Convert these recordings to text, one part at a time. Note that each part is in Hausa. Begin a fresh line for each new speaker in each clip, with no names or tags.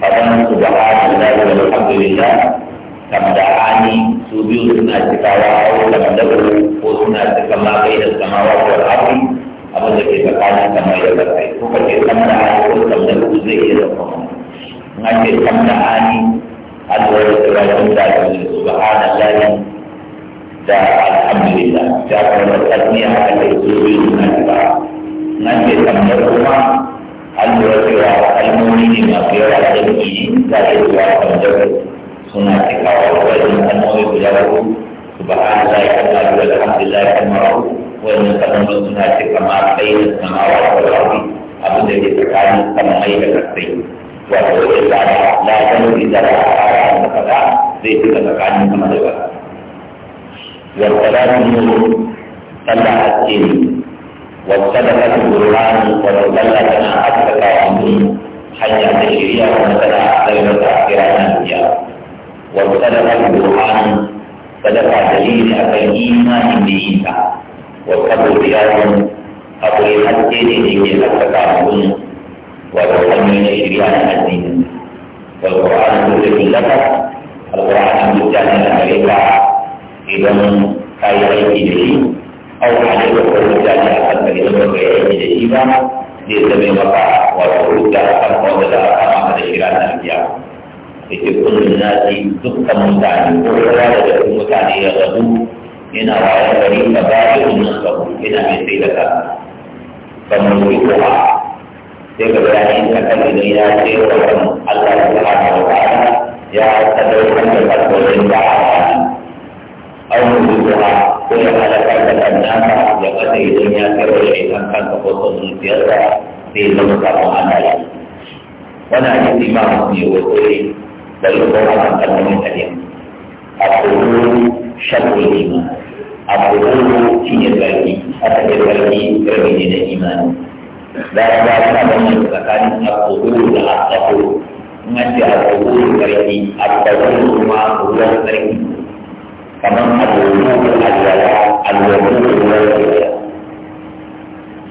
فقال سبحان الله والحمد لله تمدحاني سبيو سنا سكاوا أو تمدحه وسنا سكما بين السماوات والأرض abin da ke tsakanin sama da ƙasa ko ka ce kamda ani ko kamda ku zai iya zama in an ani an zuwa da tsirrai da ake da da alhamdulillah da kuma tasmiya aka ce su biyu na ba allurewa kalmomi ne masu yawa da ke zaɓe zuwa kan jago suna cikawa wajen kalmomi guda uku subhanallah ya kama da alhamdulillah ya kama rahu wannan kalmomi suna cika ma kai da samawa da rahu abin da ke tsakanin mai da kasai wato wajen da la kalmomi da la fara a kaza zai cika tsakanin sama da ba. Wata da nuna sallah a cikin والصدقة القرآن ولو بلغنا أكثر عمري حتى تشريع ومثلا غير تأخيرنا الدنيا والصدقة القرآن صدقة دليل أكل إيمان بإيمان والصبر رياض أقول حتى تشريع أكثر عمري ولو لم يشريع الدين والقرآن مدرك لك القرآن مدرك لك إذا كان يأتي دليل au ka ne da wani jari a kan da gidan da ya yi da shi ba zai zame maka wato hujja a kan wanda za a kama ka da shi ranar biya yake kullum na ji dukkan mutane ko kowa da dukkan mutane ya rabu yana ka ba da wannan sabu yana mai sai da ka kamar shi kuma sai ka ga yayin ka kan idan ya ce wa Allah subhanahu wa ta ya sadaukar da kasuwancin da aw mun bɛ bɔ a la ko yaba la ka kɛ ka ɲa ka yaba tɛ da la wani a ye bi ma mun a kan ka mɔni ka di a ko ko sako ba yi ba yi kɛrɛ bi ɲinɛ i ma ni ba a ba a ta ba ɲinɛ ka taa ni a ko ko ko la a ta ko n ka ti a ko ko ko kari ma ko ko kari
ko. kamar alwudu alwala alwudu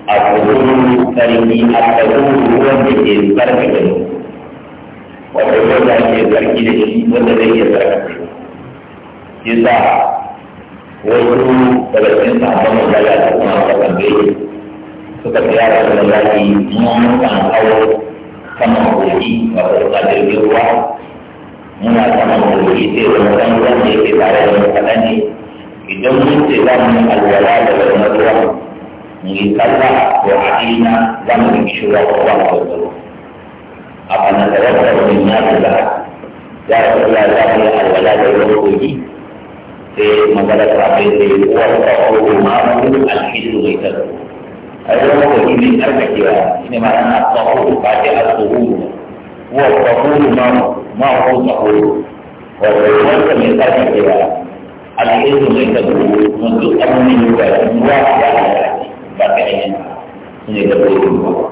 A alwudu sarki alwudu ruwan da ke sarki da
mu
wanda wanda ke sarki da shi wanda zai iya sarki yasa wasu daga cikin sabon magana da kuma kasan da yake suka fi yara da zaki, mun kan kawo sama kogi wato kadirgin ruwa muna samun wuri sai wani san wanda yake tare da matsala ne idan mun ce za mu yi alwala da wani matsuwa mu yi sallah ko haɗina za mu yi shura ko ba mu tsoro a bana da wata wani ya fi da ya fi da za mu yi alwala da wani kogi sai magana ta bai sai wata ko ma mu alhidu mai tsoro a yau kogi mai tsarkakewa shi ne ma'ana tsoho ba ce a tsoho والطهور ما ما هو طهور والطهور من قبل إلى الحيض من طهور من تؤمن من واحد على باقي من الطهور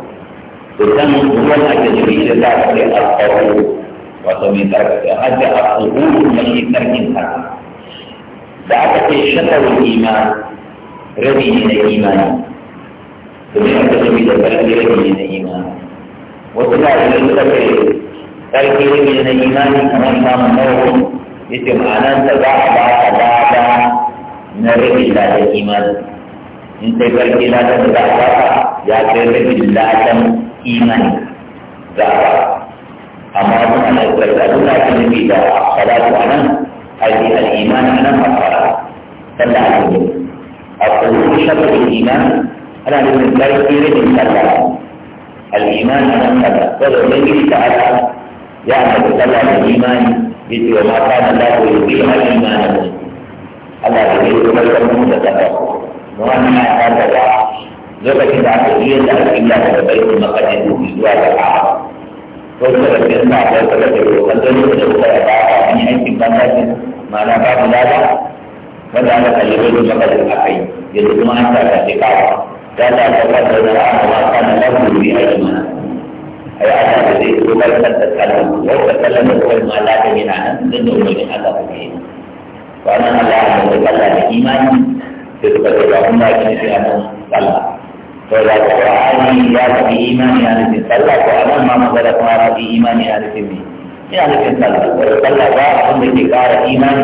وكان هو الأكاديمي لتعرف الطهور وتمي ترك حتى الطهور من ترك الحق بعد شطر الإيمان ربي من الإيمان ومن الأكاديمي لتعرف ربي من الإيمان wasu da ne suka kai ƙarfi rage na imani kamar samun nawo yace ma'anan ta za a ba a lada na da ladan imani in sai ƙarfi ladan da za a ba ka ya kai rage ladan imani za a ba amma suna da ƙarfi a suna da nufi da salatu a nan aiki al'imani a nan a fara sallah a cikin a kullum shafi iman ana nufin ƙarfi rage ladan الإيمان على هذا فلو لم يعني يعمل طبعا الإيمان مثل ما كان الله يبيعها الإيمان الله يريد بشر موسى تفاق وأن ما كان لا لغة العربية لا إلا هو بيت المقدس في دول العالم فلسفة الجنة فلسفة الوقت الذي يجب أن يكون هناك ما لا بعد ذلك فذلك يقول لغة الحقيقة يجب أن يكون هناك dada da kanta da amma kan da guri a yi ai ana da zai tsohon kanta kanta wai ka kalla da kawai ma lada mai nan da da wani aka kuke wannan Allah ya mutu kalla da imani da suka ce ba kuma kin shi a nan kalla to da ka ani ya fi imani ya nufin kalla ko a nan ma magana kuma ya fi imani ya nufin me ina nufin kalla ko kalla ba abin da ke kara imani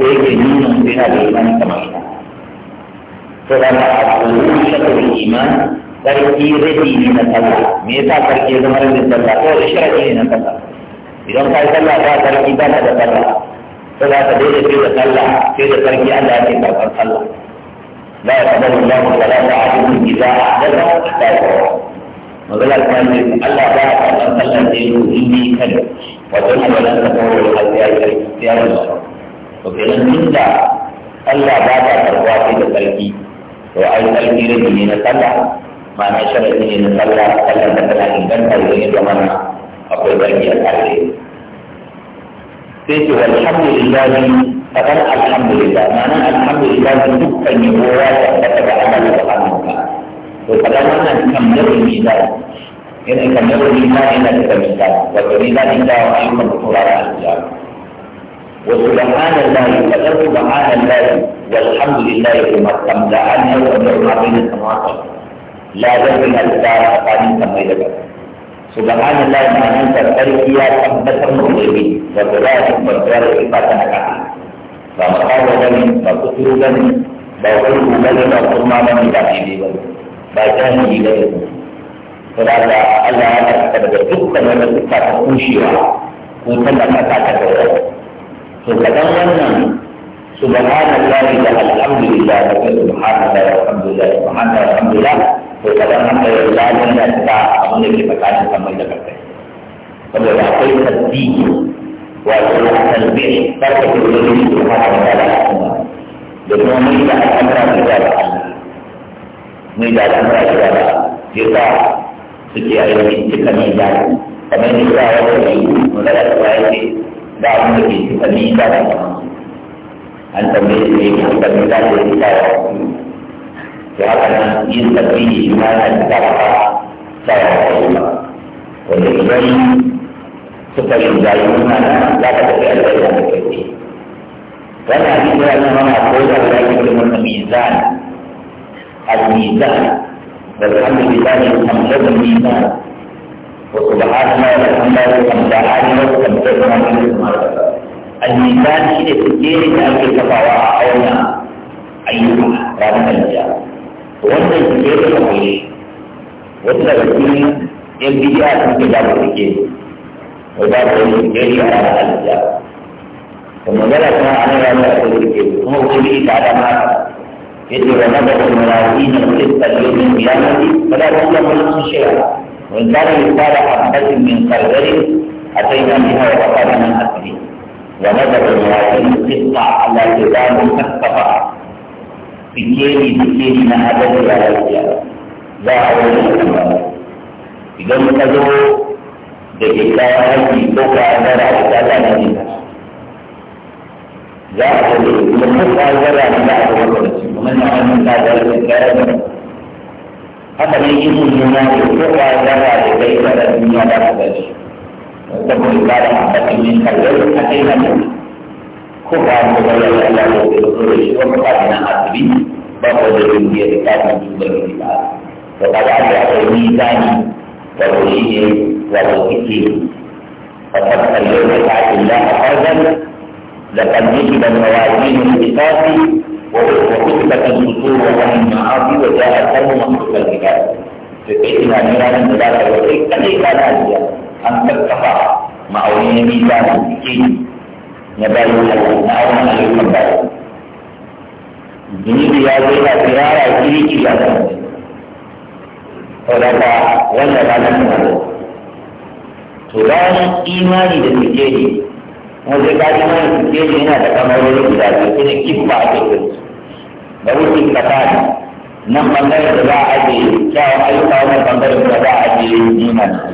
ko yake nuna mutu yana da imani kamar ita saboda al-shakku bil iman sarki rabi ne na sallah me yasa sarki ya zama rabin sallah ko da sharadi ne na sallah idan ka yi sallah ba sarki ba da sallah saboda ka daidai sai da sallah sai da sarki Allah ya ce karɓar sallah لا يقبل الله صلاة عبد إذا أحدث حتى يتوضأ وبلا كان ألا بعد أن صلى الليل إني
كذب وتنهى لن تقول حتى يتوضأ
وكذا إلا ألا بعد أن ترضى في to ai ƙarfi rabi ne na sallah ma'ana sharaɗi ne na sallah sallah da tana inganta idan ya zama na akwai zargi a tare
sai ce walhamdulillah faɗar alhamdulillah mana alhamdulillah dukkan yabo ya tabbata da Allah da
Allah to faɗar wannan kamar mizan yana kamar mizan yana da mizan wato mizan da ayyukan turawa a cikin وسبحان الله فقد سبحان الله والحمد لله كما استمتعنا وأمرنا بين السماوات لا بين الدار أقاليم كما يدعو سبحان الله ما أنت تركيا تبتر مغلبي وكذلك مدار إبادة كافي
فمقال لمن فكثر لمن بوحيه لمن وقرما لمن تأشيدي
لمن بجانه لمن فلذا الله أكبر بكثر من تكون شيئا وتلك تكون Sesungguhnya Subhanallah dan alhamdulillah wa subhanallah wa alhamdulillah wa alhamdulillah sesungguhnya Allah yang Maha Esa amun di perkara yang sama juga. Kalau ada apa yang terjadi wa sallallahu alaihi wa sallam di subhanallah dengan kita akan kita sejak kita ini dan kami juga ada dalam lebih kita minta antara mereka kita minta dan kita kerana ia tapi mana kita apa saya Allah oleh kerana
supaya jadi mana kita dapat ada yang seperti kerana kita ada mana boleh ada yang kita
mizan al mizan dan kami kita yang kami mizan وسبحان الله والحمد لله ولا حول ولا قوة إلا بالله الميزان شيء كثير من أجل كفاوة أولنا أيها رابطة الجاهل وأنت كثير من أجل وأنت كثير يبدي أن تجاب الكثير وجاب الكثير على الجاهل ومجال أسماء أنا لا أقول الكثير هو كبير تعالى ما يدري ونبغى الملاذين القسط يوم القيامة فلا يظلم نفس شيئا wani tsari ta da hankali min kalbari a kan yan yi hawa kwari nan asiri ya maza da yawon fiska Allah ke zama kakkafa fike ni fike ni na adadi ya lafiya za a wani yankin ba idan muka zo
da ke kayan aiki ko ka zara a ta da za a wani ba za a zara ni a wani na wani yankin ba za a
zara haka ne ibn yunani ko ba ya dafa da kai ba da duniya da ka gaji da kuma ibada a bakin yin kallon a kai na mutu ko ba ya dafa da kai da kuma shi ko ba ya na asibi ba ko da duniya da ta kan duba da ba to kaga an ya kai mizani da shi ne wa ko kike فقد خليت الله فردا لقد نجب الموازين القصاص وكتبت النصوص عن المعاصي وجاء الحرم وحكم الجبال فكيفنا نرى من ذلك الوقت كان يقال أن ترتفع معونين ميزان الدين نبال نعون أن يقبل جنوب يا زيد فرارا جريك يا زيد ولك ولا بلد Turan imani da suke ne, wanda ga imani suke ne yana da kamarorin guda biyu, kuma kifa a cikin su. baru tingkatan. Nak bandar berada aji, kau ayuh kau nak bandar berada aji ni mana?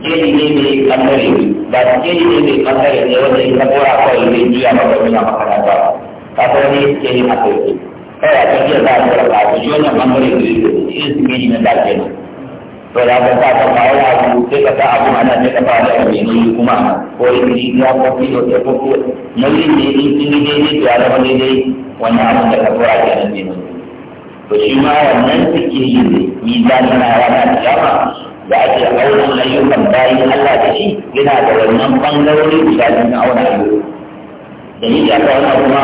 Jadi ini bandar ini, dan jadi ini bandar ini adalah ini kedua apa ini dia mahu menerima kerja. Tapi ini jadi apa ini? Kau ada dia dah berada, jadi orang bandar ini ini sendiri yang dah jadi. to da ka ta kafa ya sai ka ta abu ana ne ka fara da ne kuma ko yi ya ko fi ko ko mai ne in kin ne ne ya da wani ne wannan abu da ka fara da ne ne to shi ma wannan take yi ne ni da na rana kiyama da ake auna ayyukan bayin Allah da shi yana da wannan bangarori guda biyu na aure ne. da ni ya ka wannan kuma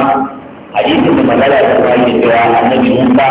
hadisin da magana da kai da cewa annabi ba.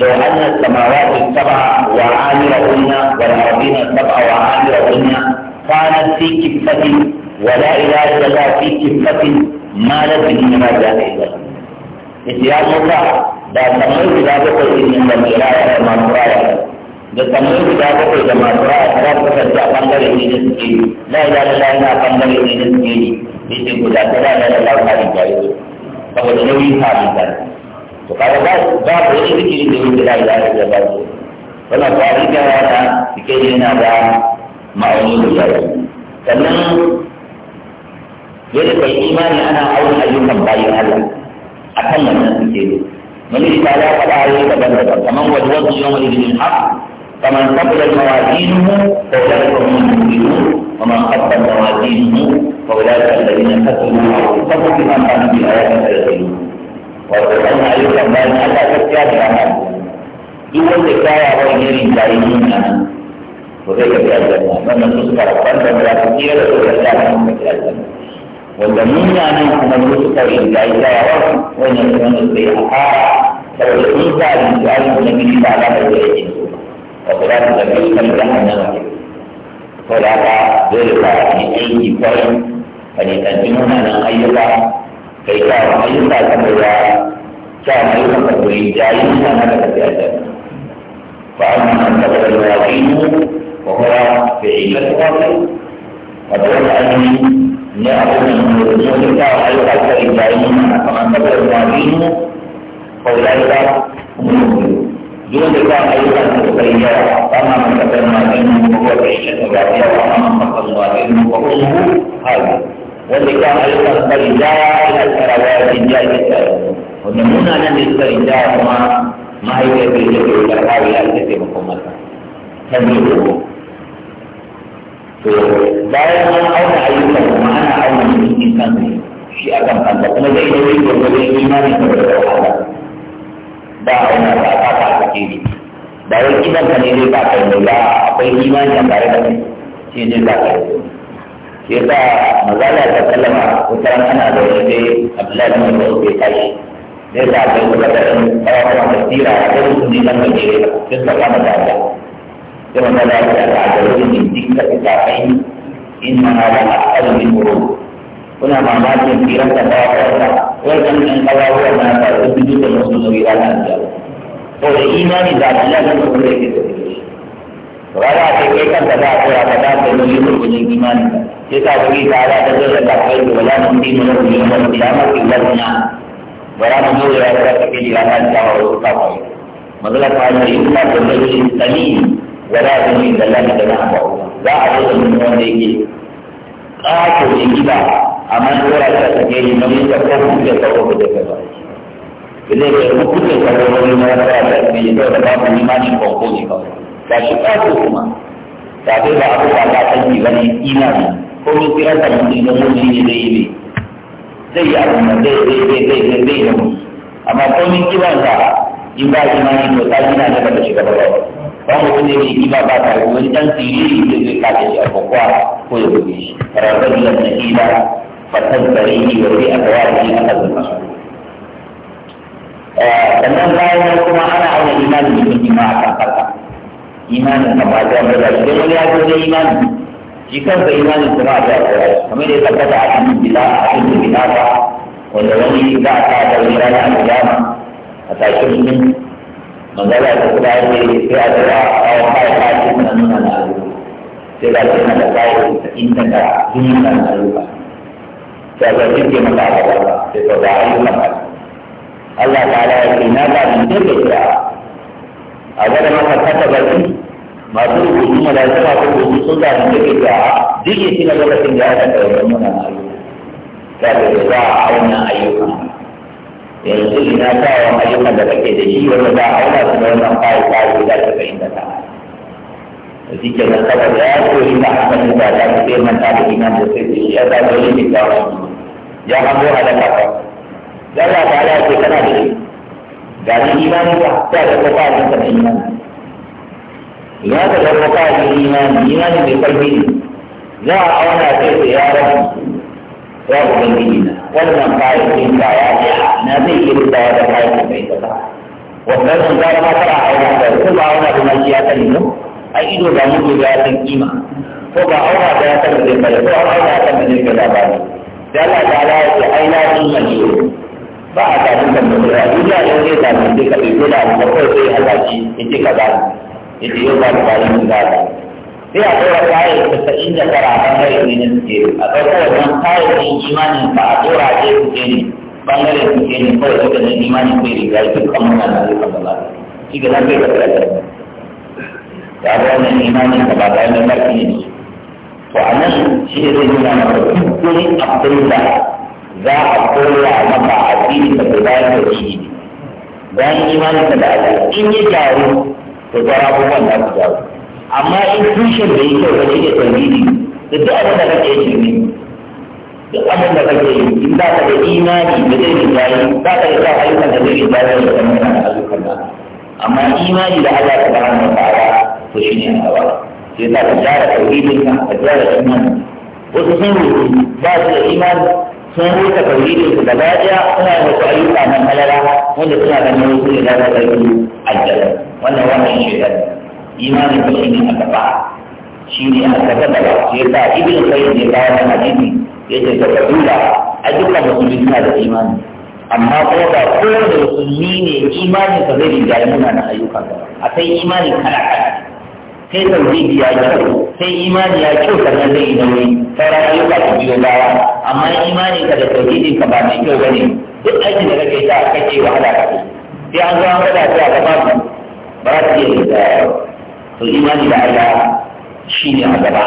لو أن السماوات السبع وعامرهن والأرضين السبع وعامرهن كانت في كفة ولا إله إلا الله في كفة ما لبث من إلا
يا موسى da samai guda bakwai din nan da mai raya da masu raya da samai guda bakwai da masu raya za su kasance a bangare ne da suke yi la ilaha illallah yana bangare ne da
suke yi yace guda to kaga ba ba da wani zikiri da yin da ila da ba su wannan tsari da yana cike ne na da ma'auni guda biyu sannan yadda kai imani ana aure ayyukan bayan Allah akan wannan zikiri wani da ya faɗa ayoyi daban-daban kamar wajen wajen yawan ibinin haka فمن ثقلت موازينه فاولئك هم المفلحون ومن خفت موازينه فاولئك الذين خسروا انفسهم بما كانوا باياتنا يظلمون wato ɗan ayyukan bayan Allah gaskiya da rana duk wanda kyawawan ya rinja yi yin nan
to zai tafi aljanna wannan su suka rabban da za su kira da su da Allah na kuma kira aljanna wanda munanan kuma su suka rinja yi kyawawan wannan su wanda su yi asara saboda sun sa rinja yi wani gidi ba ala da zai yi su wato za su zafi su kan jahannama ke saboda haka dole ba a yi
aiki kwarai a ne ɗan munanan ayyuka kai kyawun ayyuka sama da kyawun ayyuka ka kuri jayi sana da tafiya da fa amma an taɓa da wajibu wa kuma da ilmar wajibu
wato wani aiki ne abin da mutum da kyawun ayyuka ka kuri jayi sana kamar taɓa da wajibu ko lalata dole ka ayyuka ka kuri jayi sama da tafiya da wajibu ko kuma da ilmar wajibu wa kuma da ilmar wajibu wanda kyan ayyukan suka rinjaya ina tsarawa da rinjaya ke tsaro wanda muna nan ne suka rinjaya kuma mahaifiyar da ya ke karfa ya ake
taimakon masa ta ne kuma to bayan an auna ayyukan kuma ana auna mutum kansa shi akan kansa kuma zai yi wani gwagwarin imanin da wata wahala ba a wani ba a ba a ne ba wai kidan ka ne zai ba ka yi ba akwai imani a tare da shi ne zai ba ka yi
kita mazalah katalah ucapan anak dari si Abdullah bin Abi Talib. Dia tak ada ucapan orang orang bertira, dia pun sendirian lagi. Kita tak ada ada.
Kita ada ada ada lagi ni. Tiga kita ini ini mengalami hal ini buruk. Kena mazalah yang kira kata kata. Orang yang kalau orang nak lebih juga mesti lebih lagi.
Oleh iman itu adalah yang boleh kita. Kalau ada kekayaan pada apa-apa, kita boleh menjadi iman kita
kita pergi ke arah tentu tidak baik kepada nanti menurut minuman selama kita punya barang itu yang ada tapi jangan sama orang tak baik. Maksudnya kalau ada ikhlas dan beri tadi, wala demi dalam kita nak bawa. Tak ada yang menurut lagi.
Tak ada yang kita aman kita rasa sekali nanti kita pun kita tahu kita kerja. Jadi kalau kita kalau orang yang rasa sekali kita dapat minuman yang kau pun
ikhlas. Tak suka tu cuma. Tapi kalau aku tak ada sendiri, ini ko mun kira ta mutum da ne zai yi ne zai yi abu na zai zai zai da mutum amma ko mun kira ta in ba imani to ta gina da bata shiga ba ba mutum ne mai kima ba tare wani dan siriri da zai kace shi a kokowa ko ya buge shi rarrabe da a eh, kuma ana auna imanin a kan imanin wani ya imanin shi kansa imanin kuma da jawo kamar da ya tabbata a cikin gida a cikin gida ba wanda wani za a ta da wani rana a kiyama a tashin mutum magana ta kuma ya ce sai a jira a kawo kayan kayan suna nuna na aluba sai ga su na da kayan ta inda da duniya na aluba sai ga su ke maka a gaba sai ka ga ayyukan ba Allah ta'ala ya ce na ba ni dai da ya a gaba maka kata baki Maka itu cuma dah cakap itu sudah tidak kerja. Jadi tidak boleh tinggal dan tidak boleh menaik. Kalau kita hanya ayuhan.
Yang itu dinasa orang ayuhan dapat kerja. Jadi orang dah Allah sudah sampai saat
kita sudah indahkan.
Jadi jangan tak ada aku indah akan kita dan firman tadi dengan sesuatu. Ia tak boleh kita orang. Jangan buat ada apa. Jangan ada apa-apa. Jangan ada apa-apa.
Jangan ada apa-apa. Jangan ada apa-apa. za ka zama ka yi imani imani mai karfi ne za a auna sai su ya rabu
ya ubangiji na wannan kayan ba ya ce na zai iya rutawa da kayan da bai kaza wannan sun zama ma tara auna da su ba auna da ma ya sani ko ai ido ba mutu da ya san kima ko ba auna da ya san da zai ko auna da san da zai kaza ba ne da Allah ta ala ya ce ai na sun yi ba a tafi kan mutu da duniya ne zai tafi zai kaɗai ko da abu da kawai sai Allah ce ya ce kaza ne
yadda yau ba da bayan su zaɓa sai a ɗora kayan tasa'in da karaban ne na suke a ɗauka wannan kayan imanin ba a ɗora a su suke ne bangaren suke ne kawai suka ne imanin kai riga ya fi kamar na zai kan gaba shi ga zan kai ka tsira ta ya ga wannan imanin ka ba da wani barki ne to a nan shi ne zai nuna maka duk wani abin da za a koya maka a fili ka da bayan da shi bayan imanin ka da Allah in ya jaru. da gwara abubuwan da su jawo amma in tushen da yi kyau kake da tauhidi da duk abin da kake yi ne duk abin da kake yi in za ka da imani da zai yi jayi za ka da sa ayyukan da zai yi jayi da kamar da ayyukan ba. amma imani da Allah ta bani wa ta'ala to shi ne a ba. sai za ka gyara tauhidin ka ka gyara imanin wasu sun rubutu ba su da imani sun huta tauhidin su gaba daya suna da su ayyuka na malala wanda suna da nauyi su da za su aljanna wannan wannan shekaru imanin da shi ne a gaba shi ne a gaba gaba shi yasa ibn qayyim ne bayan wannan hadisi ce ka kabila a da musulmi suna da imani amma ko da kowane musulmi ne imanin sa zai riga yana na ayyuka ba kai imani kala
kala sai tauhidi ya kyau sai imani ya kyau sannan zai yi nauyi yi ayyuka su biyo baya amma imani ka da tauhidi ka ba mai kyau bane duk aikin da kake
ta kake wahala kake sai an zo an gwada su a gaba su ba za su iya yin da to imani da Allah shi ne a gaba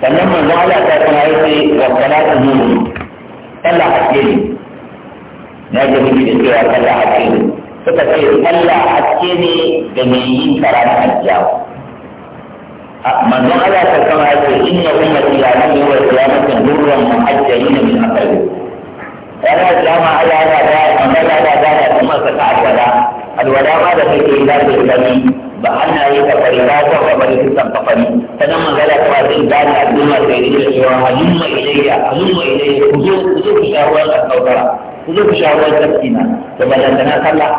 sannan manzo Allah ta kuma yi sai wa salatu nuru sallah hakke ne na ga miki da cewa sallah hakke ne suka ce Allah haske ne da mai yin karatun aljiyawa manzon Allah ta kama ya ce inna ummati la nabiyyu wa qiyamatin nurran muhajjalina min aqali
ranar kiyama Allah ya da manzon Allah da da kuma saka alwala alwala ma da kake yi da kake ba ana yi ka fari ba ko ka fari kusan ka fari sanan manzon ta ce da ni yi da cewa halumma ilayya halumma ilayya ku zo ku zo ku shawo ka kautara
ku zo ku shawo tafsina to balantana sallah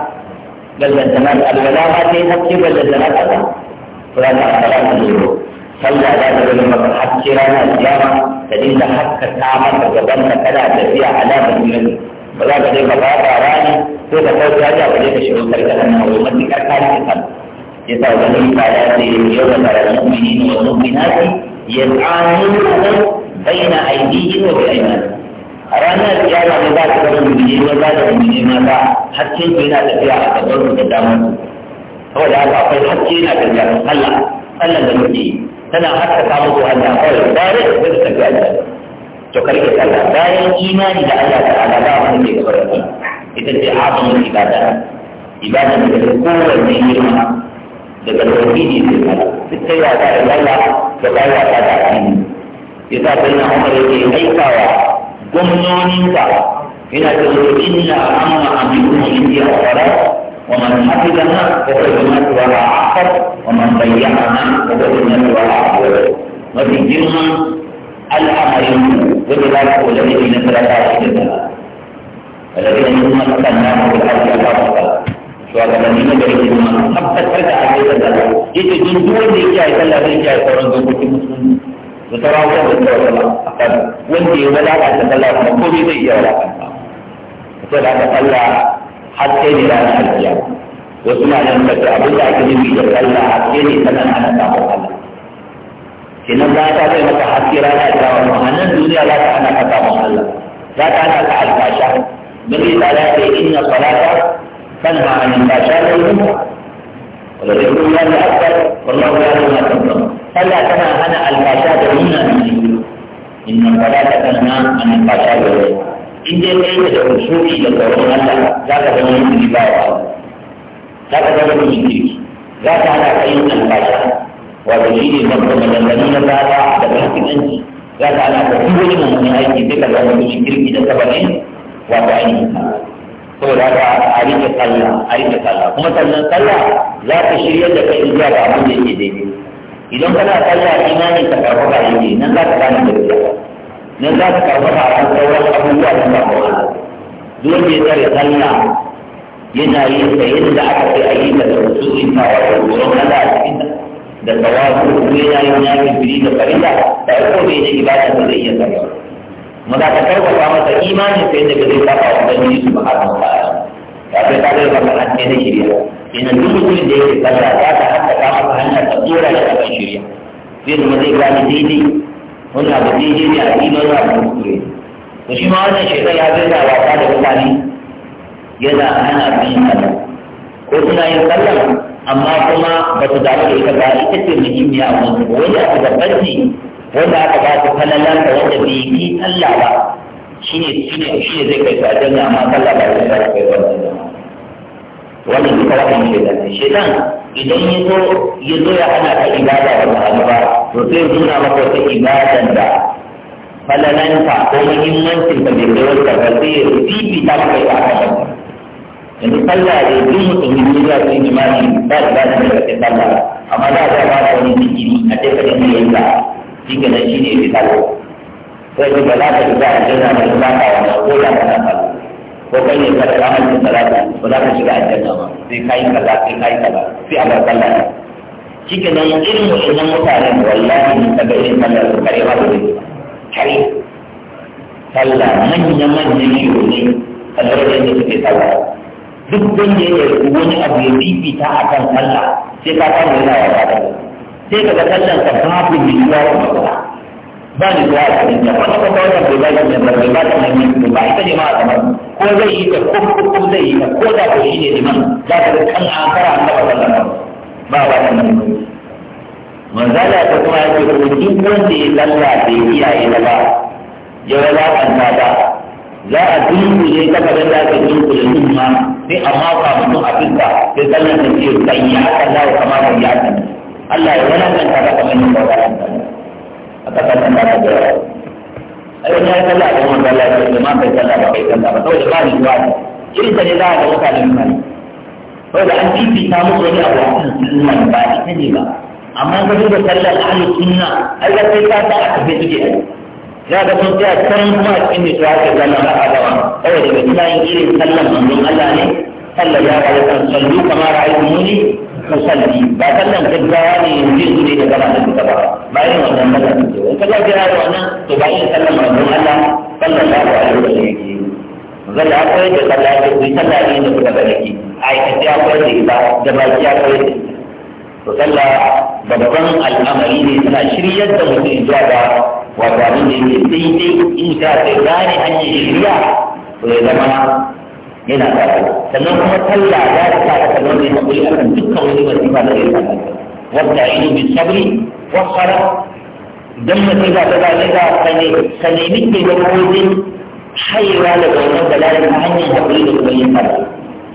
ballanta na alwala ma ta yi haske ballanta na kaza to ya ta fara ta zuro sallah za ta zama maka haske ranar kiyama ta dinga haskaka maka gaban ka kana tafiya alamar yin ba za ka je ka fara rani ko ka kauce hanya ba je ka shiga karkar nan wai matukar kari ka kan
ya sa wani kaya ce yau da tare mu'minin wa mu'minati yas'anuna baina aydihim wa bi aymanihim a ranar kiyama ne za ka ga
mummuni ne za ka mummuni mata hakkin su yana tafiya a gaban su da damar su saboda haka akwai hakki yana tafiya a sallah sallah da muke
tana haskaka musu hanya kawai dare da su tafiya da to karke sallah bayan imani da Allah ta'ala ba wani ke kawai
da ita ce azumin ibada ibada da ta kowanne girma daga tauhidi sai sallah duk sai ta da sallah da bayan wasa da addini yasa sai na umar yake aikawa gwamnoninta yana da zoji na amma aminu indiya tsara ومن حفظها فهو الناس ولا عقب ومن بيعها فهو الناس ولا عقب وفي جرما
الأمرين وبذلك الذين ثلاثة عشرة الذين هم مكناهم في الأرض الأرض شوال الذين بريدهم حتى ثلاثة عشرة يجي جندول يجي يتلى يجي يتلى يجي يتلى da sauran wanda ya wala a kan wanda ya wala a kan Allah kuma komai zai iya wala a kan sai da aka Allah har sai ne ranar alkiya wasu na nan da abin da ake nufi da Allah har sai ne sanan ana samun
Allah kenan za ta zai maka haske rana ta wani a nan duniya za ta ana ka samun Allah za ta ana ka albasha don yi tsada ce inna salata tanha an albasha da yi wanda
zai kuma yana akbar wallahu ya nuna kan sallah tana hana albasha da
wannan inna salata tana hana albasha da wannan in dai kai da usuli da tsoron Allah za ka zama mutum ba ya za ka zama mutum kirki za ka hana kai Wa wato shi ne babban maganganu na baba da mutunci za ka hana ka duk wani mummunan aiki sai ka zama mutum kirki da sabanin wato ainihin saboda ka a rike sallah a rike sallah kuma sannan sallah za ka shirya da kai zuwa ga abin da yake daidai idan ka kana sallah imani ka karfafa yake nan za ka gane gaskiya nan za ka karfafa a sauran abubuwa da ba ko dole ya tsare sallah yana yin ta yadda aka fi ayyuka da wasu in ta wato tsoron Allah a cikin da tawazu ko yana yin yaki biri da farilla da ko bai da ibada da zai iya karyawa mu da ka karfafa masa imani sai da zai saba wa Ubangiji subhanahu wa ta'ala wato ta zai maka hannu na shirya ina duk mutum da yake sallah za ta haskaka maka hanyar ta tsora shi a kan shirya zai zama zai gane daidai wannan abu daidai ne a ɗiban za a kuskure to shi ma wannan shekar ya zai da wasa da mutane yana hana su yin ko suna yin sallah amma kuma ba su damu da ita ba ita ce muhimmiya a wani wanda aka gabanci wanda aka ba su falalanka wanda bai yi sallah ba shi ne shi ne shi ne zai kai su aljanna amma sallah ba zai kai kai
wannan wannan duka wannan shedan
shedan idan ya zo ya zo ya hana ka ibada ba ta ba to sai nuna maka wata ibadan da falalanta ko muhimmancin ka bai kai wata ba sai ya fifita maka ya hana ka yanzu sallah da duk musulmi ne za su yi imani ba su ba su da kai sallah amma za a ba wani jiki a sai ka dinga yin ta shi kenan shi ne ya fi sallah sai ba za ka shiga aljanna ba in ba ka wannan ko da kana kallo ko kai ne ka da amal da ba za ka shiga aljanna ba sai kai kaza sai kai kaza sai a barkan da shike nan irin wannan mutane wallahi ne daga irin kallon su kare ba da kare sallah manyan manyan shirune sallar da suke sallah duk wanda ya yi wani abu ya bibita a kan sallah sai ka kama yana wasa da sai ka ga sallan ka babu nutsuwa wa matsala
ba ni da ya yi da wani kuma wannan da ba shi ne bai ba ta hanyar ba ita ne ma a ko zai yi ta ko ko zai yi ta ko da ko shi ne liman za ka kan an kara an taɓa sallah
ba ba ta nan manzala ta kuma ya ce ko duk wanda ya sallah bai iyaye da ba ya wadaƙanta ba za a dunkule ta kamar da aka dunkule sun ma sai a mafa mutum a fita sai sallah ta ce ban ya haka za ka kamata ya haka Allah ya wadaƙanta ba kamar yadda
wadaƙanta a ƙasar nan ba ta da yawa ya yi sallah a kan wanda Allah ya ma ba bai sallah ba saboda ba
ni zuwa irin ta ne za a ga mutanen mutane saboda an ta musu wani abu a kan sunna ba ita ne ba amma ka duba sallar ahlus sunna ai ga sai ta a kafe suke ai za ka sun tsaya karan kuma a cikin mutuwa ka zama na adawa saboda bai suna yin irin sallar manzon Allah ne sallar ya rayu kan sallu kamar ra'ayi tusalli ba sallan gaggawa ne yanzu yanzu ne da gaba da duka ba bayan wannan sallan da kewa ka gaggawa da wannan to bayan sallan manzon Allah sallallahu alaihi wa sallam yake
zan da akwai da sallah da kuyi sallah ne da kuka baraki aikace akwai da ita da baki akwai da to sallah babban al'amari ne suna shiryar da mutum zuwa ga wato abin da
yake daidai in ka sai gane hanyar shirya to ya zama yana da sannan kuma talla ya ta ka kamar mai hakuri akan dukkan wani wasifa da zai samu wanda ilu bi sabri wa khara dan masifa ta da ne da sani sani ke da kodin haiwa da wannan da ta hanyar hakuri da kuma yin
sallah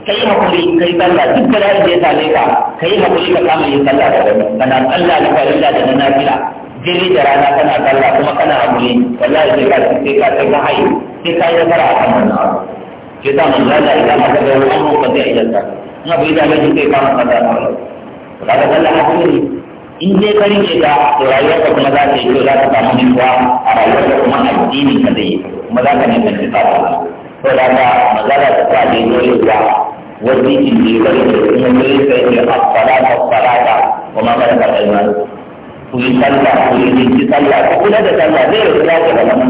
kai hakuri kai sallah duk dalalin da ya same ka kai hakuri ka kama yin sallah da wani kana sallah da farilla da na nafila jini da rana kana sallah kuma kana hakuri wallahi sai ka sai ka sai ka haihu sai ka yi nasara a kan wannan abu
kita menjalankan dalam keadaan umum pada ijazah. Nabi dah lagi ke kamar pada malam. Kalau dalam hati ini, ini kali kita raya ke kemudian itu lah kita menikmati raya ke kemudian ini kali kemudian ini kita tahu. Kalau ada malam kita di dunia, wajib di dunia ini memberi saya apa pada apa pada apa kemudian kita tahu.
Kita tahu, kita tahu, kita tahu, kita tahu, kita tahu,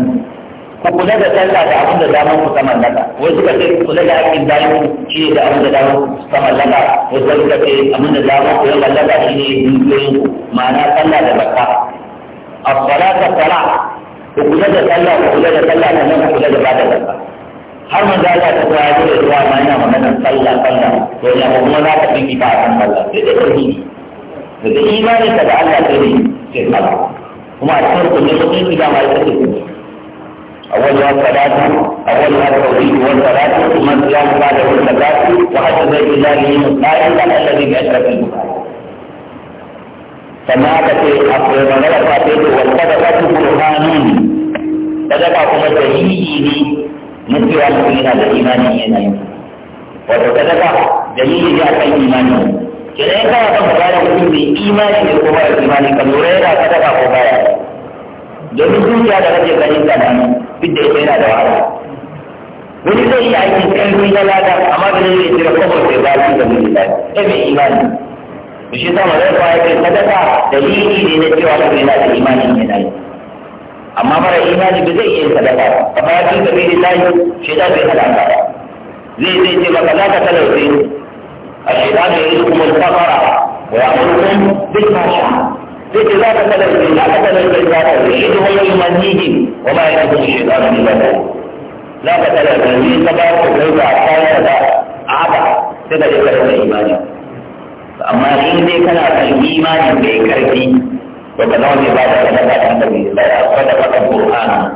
Ka kula da sallah da abin da damar ku ta mallaka wai suka ce kula da aikin bayan shi da abin da damar ku ta mallaka wai suka ce abin da damar ku ya mallaka shi ne
dukiyoyin ku ma'ana sallah da A as ta salat ku kula da sallah ku kula da sallah sannan ku kula da bada zakka har man da Allah ta koya da zuwa ma yana sallah sallah to ya kuma za ka dinki ba kan sallah sai da
tauhidi da imani ka da Allah sai sallah kuma a cikin kullum mutum ma
ya أولها الصلاة a التوحيد والصلاة ثم الصيام بعده الزكاة وحج بيت الله المسائل الذي بأشرف البخاري
sannan aka ce a magana ta ce to wanda da kasu burhanu ne sadaka kuma dalili ne na cewa mutum yana da imani yana yi wato sadaka dalili ne akan imani kenan in kana yana domin ganin ta duk da ita yana da wahala wani zai yi aikin ƙarfi na lada amma da zai jira kawai bai ba shi da mutum da ya mai imani
to shi sama zai fara kai sadaka dalili ne na cewa mutum yana da imani yana yi amma mara imani ba zai iya sadaka ba amma ya fi da bai da shi da bai halaka zai zai ce maka za ka talauce a shi da bai yi kuma safara wa ya mulkun duk fasha
ذكر لا تتلذذ لا تتلذذ لا ترشد ويمنيهم وما يكون الشيطان الا له لا تتلذذ من تبارك كيف اعطاك كذا اعطى كذا لكلمه ايمانك
فاما ان دي كان كان ايمانك بكرتي وكلام عباده كما كان النبي لا
صدق القران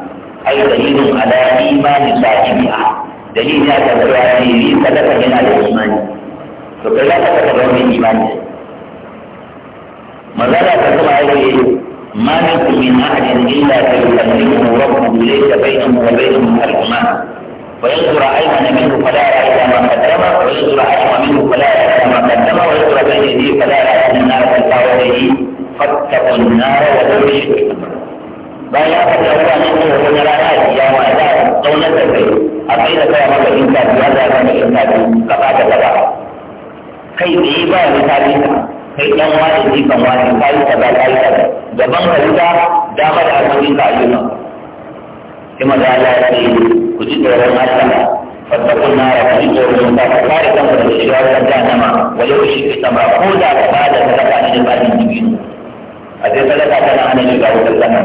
اي دليل على ايمان صاحبها دليل هذا القران ليس لك من الايمان فكيف تتلذذ من ايمانك
ماذا تقول عليه ما منكم من أحد إلا فيكلمه ربه ليس بينه وبينه ألف
مال وإن رأينا منه فلا يعلم ما قدم وإن رأينا منه فلا يعلم ما قدم وإن بين يديه فلا يعلم النار تلقى وجهه فاتقوا النار ولو بل بايا فتاوى منه ومن لا يأتي يا وأداء او تبعي أقيل فيا مرة إنك بهذا كان إنك كفاك تبع كيف إيبا مثاليك kai dan wani ji kan wani kai ka da kai ka gaban ka da dama da alhamdulillah ka ayyuka sai maza Allah ya ce ku ji tsoron Allah fattakun nara ku ji tsoron ta ka kare kanku daga shiga wajen nama, wa yau shi ke sama ko da ka ba da sadaka ne da bakin jikin
a sai sadaka tana ana shiga wajen jahannama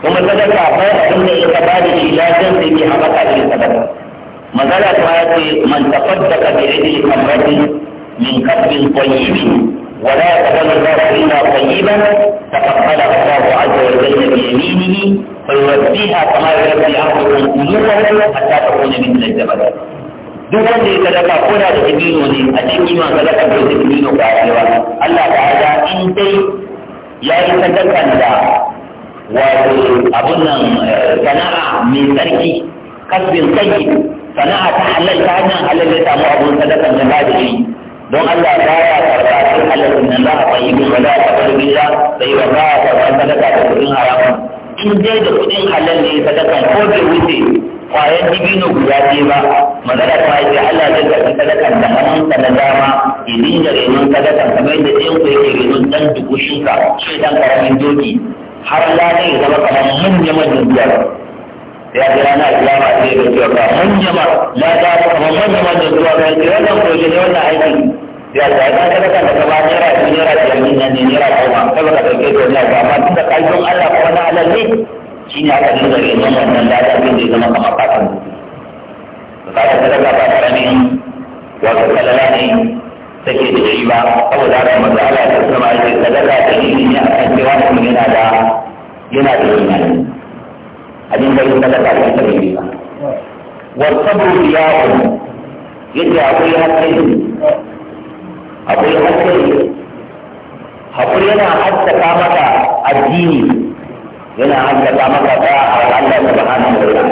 kuma sadaka bai abin da ya ba da shi lafiyar da yake haɓaka shi sadaka
magana ta ce man tafadda ka bi rijli kamrati من كسب طيب ولا يقبل الله الا طيبا تقبلها الله عز وجل بيمينه فيوفيها كما يوفي احدكم اموره حتى تكون مثل الجبل duk wanda ya sadaka ko da da dabino ne a cikin iman sadaka bai da dabino ba a cewa Allah ta'ala in dai
ya yi sadakan da wato abun nan sana'a mai tsarki kasbin tsayi sana'a ta halal ta hanyar halal ya samu abun sadakan da ba da shi don Allah ba ya karɓa sai Allah sun nan a fayi bin ba za a karɓar biza sai wa ba a karɓar sadaka da kuɗin haramun in dai da kuɗin halal ne sadakan ko bai wuce kwayan dibino guda ce ba magana ta ce Allah zai karɓi sadakan da hannunsa na dama ya dinga renon sadakan kamar yadda ɗayan ku yake renon ɗan dubu
shinka shi ɗan ƙaramin doki har lalai ya zama kamar manyan manyan biyar
ya ji rana kiyama sai da cewa ba manya ba la da ta kuma mun ba da zuwa ga ce wannan proje ne wannan aiki ya ta ga ka da ka ba naira biyu naira biyar ne nan ne naira goma kada ka dauke da wannan ba amma tun da kalbin Allah ko na Allah ne shi ne aka nuna ga yin wannan da abin da ya zama kamar fatan
ka ta ga ba karamin wato kalala ne take da shi ba saboda haka manzo Allah ya tsama ya ce sadaka ta yi ne a kan cewa mutum yana da yana da imani
abin da yin daga tare da rai ba
wasu buriyawun yadda akwai hankali akwai hankali haƙuri yana haskaka maka addini
yana haskaka maka ɗaya a Allah subhanahu wa ta'ala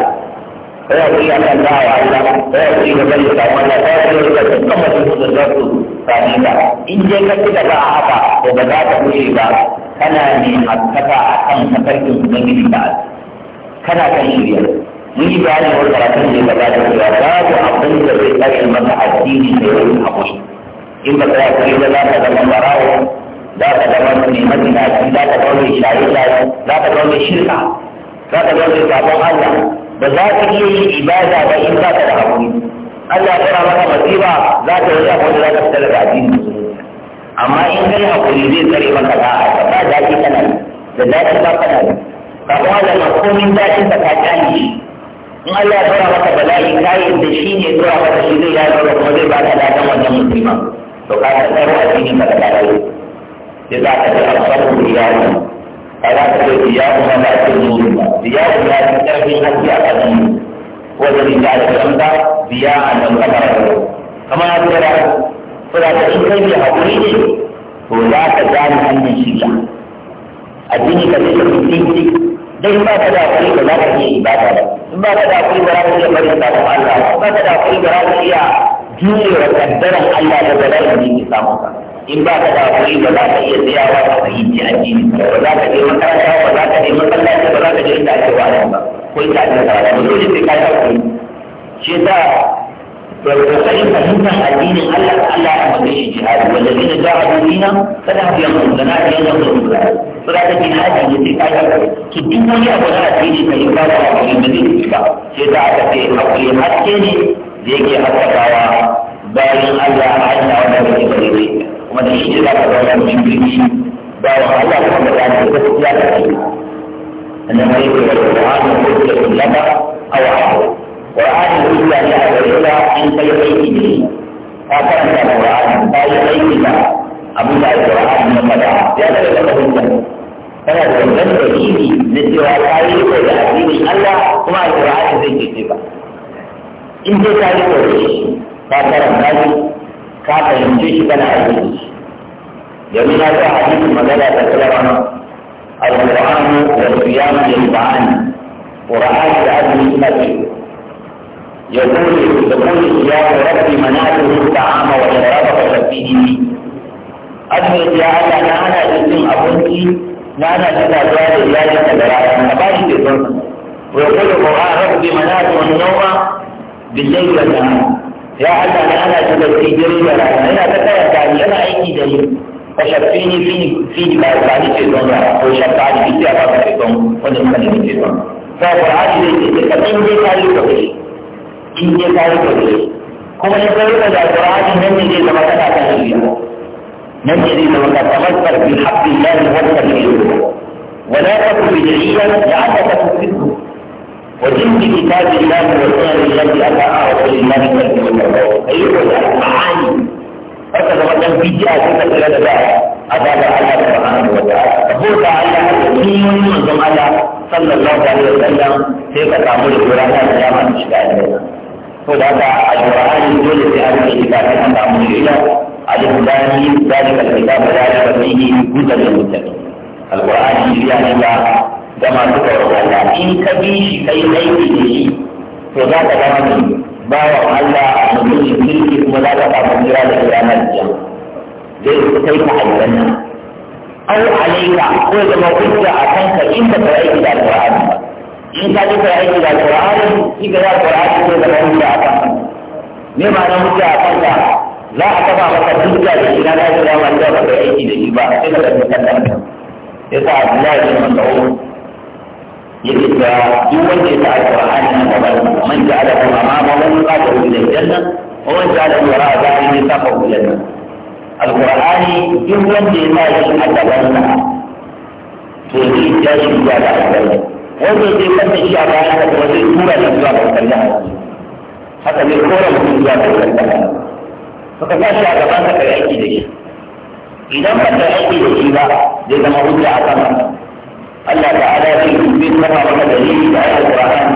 ɗaya ku iya kan dawa Allah ɗaya ku da bari ka wannan ɗaya ku iya kan kama su da za su sami ka in je ka ci gaba a haka to ba za ka kushe ba kana ne haskaka a kan
tafarkin ubangiji ba a kana kan shirya mun yi bayani wa karatun ne ta da cewa babu abin da zai tsare maka addini da wani haƙuri
in ba ka yi haƙuri ba za ta zama barawo za ka zama mai mazinaci za ka zama mai shaye-shaye
za ka zama mai shirka za ka zama mai sabon Allah ba za ka iya yin ibada ba in ba ka da haƙuri Allah ya maka masifa za ta yi haƙuri za ka fita daga addini
amma in kai haƙuri zai tsare maka da'a ba da kana da daɗi ba kana
da ka kwala ma komin daɗin da ka kyale shi in Allah ya tura maka bala'i kayan da shi ne tura maka shi zai yaro da kuma zai baka daɗin wannan musulma to ka ka tsaro a cikin ka da bala'i sai za ka ji alfarku riyawu a za ka ce riyawu ma lafiyar ce nuru ba riyawu fi ƙarfin haske a kan mu.
wanda zai ga da kanta biya a nan kamar kamar ya tura da ta in kai da haƙuri ne to za ka gane hannun
shi ne. addini ka cikin mutunci dai ba ka da kuɗi da za ka yi ibada ba in ba ka da kuɗi da za ka iya barin da Allah in ba ka da kuɗi da za ka iya juyewa kaddaran Allah da ba za ka iya samun ka in ba ka da kuɗi da za ka iya tsayawa ka fahimci addini ba za ka je makaranta ba za ka je masallaci ba za ka je inda ake wa'azi ba ko inda ake karatu dole sai ka da kuɗi shi yasa فإن فهمنا الدين ألا ألا أمضي جهاد والذين جاهدوا فينا فلا ينظرون لنا ينظرون لنا فلا تجد هذه التي أجل كدين لي أولا الدين فإنكار وعلم الدين سيدعك في حقل حسين
ذيك حسكاوا باين ألا أعلم أولا بكبيرين ومن الشجرة فلا يمشي باين ألا أعلم أولا بكبيرين
أنه يقول القرآن يقول لك لك أو عبد Qur'ani hujja ne a gare ka in kai aiki ne Ta karanta da Qur'ani ta yi aiki da abin da Qur'ani ya faɗa ya zama da hujja
Tana da wannan dalili na cewa ka yi ko da addinin Allah kuma Qur'ani zai cece ba.
in dai ka yi ko da shi ka karanta shi ka fahimce shi kana aiki da shi yanzu na ga hadisin magana da kalama al-Qur'anu wal qiyam lil-ba'an
Qur'ani da azumi suna cikin
يقول يقول يا ربي منعته الطعام فشفيني
فشفيه أجل يا الله لا أنا اسم أبنتي لا أنا تتابع لله تبارك أباش تظن ويقول القرآن ربي منعته النوم بالليل والنهار يا الله لا أنا تتابع لله أنا تتابع أنا أيدي دليل
فشفيني فيني فيني بأساني في وشفعني بيتي أباك تظن ونساني تظن فالقرآن ليس تتابع لله in je ka yi kare kuma in kai ka da qur'ani nan ne zai zama kana kan shirya nan ne zai zama ka tamassar bi haqqillah wa tabi'u wa la takun bid'iyan la'annaka tusibbu wa jin bi kitabillah wa sunnati allati ata'a rasulullah sallallahu alaihi wasallam ayyuka al-ma'ani haka zama dan bid'a suka tsira da عذاب الله سبحانه وتعالى فبوضع الله كثير من الله صلى الله عليه وسلم كيف تعمل القرآن على ما تشكى
ko da haka alƙur'ani dole sai an rike shi kafin an samu shirya alif dani zalika alkitabu zalika fihi hudan lil muttaqin alƙur'ani shirya ne ba
da masu tsoron Allah in ka bi shi kai aiki da shi to za ka zama ba wa Allah a mutum kirki kuma za ka samu jira da ranar jiya zai kai ka aljanna
au Alayka, ko zama hujja a kanka in ba ka aiki da alƙur'ani ba in ka duka aiki da Qur'ani shi ga Qur'ani ne da hujja a kanka
me ma'anar hujja a kanka za a taba maka hujja da shi na da shi da wanda ba kai aiki da shi ba sai ka tafi kanka sai ka Abdullahi bin Mas'ud
yake da duk wanda ya ta Qur'ani na gaba man ja'ala kuma ma ma wani ka da hujja da janna ومن جعل وراء ذلك سقط الجنة
القرآن يمكن لله أن تبنى تريد جاهل جاهل الجنة wanda zai kanta shi a bayan ka kuma zai tura shi zuwa bautar da haka zai kora mutum zuwa bautar da suka sa shi a gaban ka kai aiki da shi
idan ba ka aiki da shi ba zai zama hujja a kan Allah ta'ala ya ce bi sama maka dalili da ayat Qur'an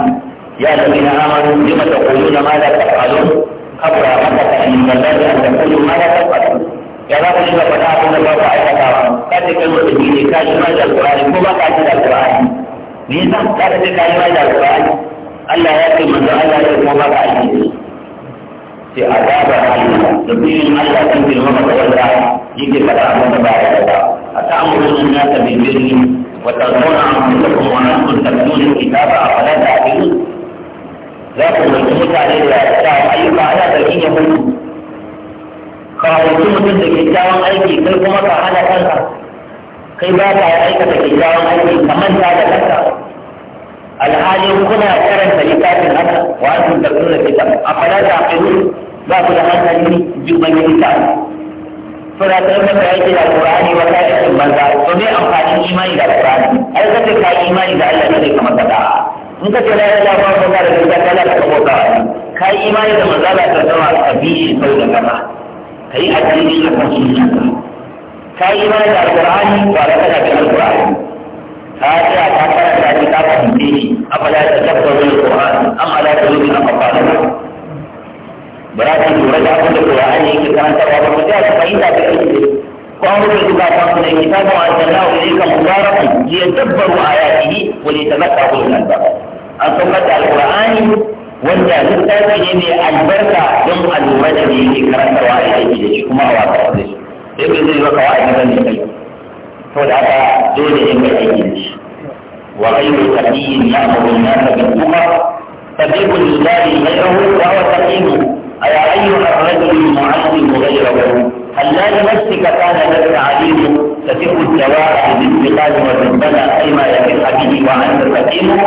ya ladina amanu lima taquluna ma la taf'alun kabra maka ta'in wallahi an taqulu ma la taf'alun ya za ku shiga faɗa abin da ba ku aikata ba ka ce kai mutum ne ka shi ma da Qur'ani ko ba ka me yasa ka kace kai mai da alqur'ani Allah ya ce manzo Allah ya kuma baka aiki
sai azaba Allah da bin Allah kan bin maka wanda yake fada mun da baya da atamurun nas bil birri wa tadhuna anfusakum wa antum tatluna al-kitaba afala ta'qilun za ku mutu mutane da ta ayyuka ana da yin mutu kawai mutum da ke kyawun aiki kai kuma ka hana kanka
kai ba ka aikata kyakkyawan aiki ka manta da kanka
alhalin kuna karanta littafin haka wa an tun tafi da kitab a fara da akwai ba ku da hankali juban kitab
sura ta yi maka aiki da alkur'ani wa ta aikin banza to me amfanin imani da alkur'ani ai ka ce ka imani da Allah ne kamar ka da'a in ka ce la ilaha illallah ba ka da kitab kala ka kota ka imani da manzala ta zama
ka bi sau da kafa kai addini a kan sunna
Ta yi ma da alƙur'ani ba da kana da alƙur'ani ka tsaya ka karanta shi ka fahimce shi amma da ta wani alƙur'ani amma la ta zubi amma ba da
ba za lura da abin da alƙur'ani yake karantarwa ba ku tsaya ka fahimta ka kike ko an rubuta zukatan ku ne kitabu an sallahu ilayka mubarakun liyadabbaru ayatihi wa liyatazakkaru ulul albab an saukar da alƙur'ani wanda littafi ne mai albarka don al'ummar da yake karantarwa a yake da shi kuma a wasa da shi yake zai maka wa'azi ban da kai to da haka dole in kai aiki shi wa ghayru taqiyin ya'muru an-nasa bil umar tabibu lillahi ghayruhu wa huwa taqiyu ala ayyuha ar-rajulu yu'allimu ghayrahu هل لا لنفسك كان لك عليم تفق الدواء بالانتقال والربنا اي ما يفق به وانت سكينه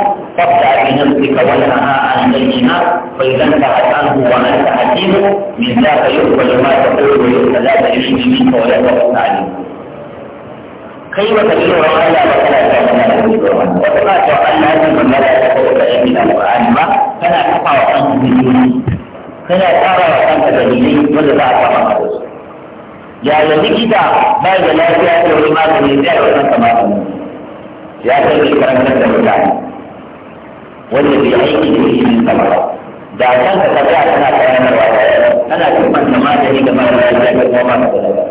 فابدع بنفسك وانهى عن بينها فاذا انتهت عنه وانت حكيم من ذاك يقبل ما تقول ويستزاد اليه منك ولا تقص عليه كيف تجد الله وكلا وكما تعالى من لا تقول من القران ما فلا تقع عنه بدون فلا ترى عنك بدون ولا تعرف يا لذيذا ما لا يأتي ما تريد أن تمام يا ترى كلام تمام wanda bai aiki da shi ne ba da kan ka kaga kana karantarwa kana kuma magani ga mara lafiya da kuma mara
lafiya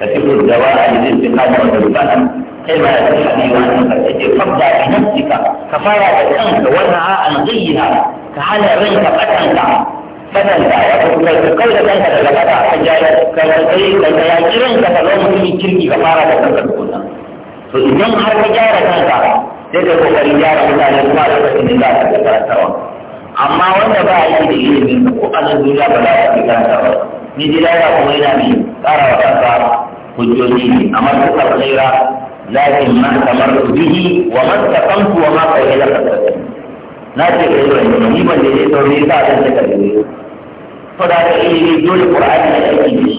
فتكون الدواء للانتقال والبلد كما تشهد وانك فابدا بنفسك كفاية تنك ونعى عن ضيها كحال ريك فتنك فتنك وقول تنك تلقى حجاية كالتريك كالتياجرين كتلوم في الشرك كفارة تنك تكون فإذن هل تجارة تنك
sai ka kokari gyara mutane kuma da kasin da za ka ga karantarwa amma wanda ba yi da ilimi ko kanin duniya ba za ka ga karantarwa ni ji lafiya kuma yana mai tsara wa kansa hujjoji ne amma su karɓira lakin man kamar bihi wa man takamtu wa ma kai da kasancewa na ce ka yi wani ni ban da ya sauri za a san ka da ne to da ka ilimi dole qur'ani ne aiki ne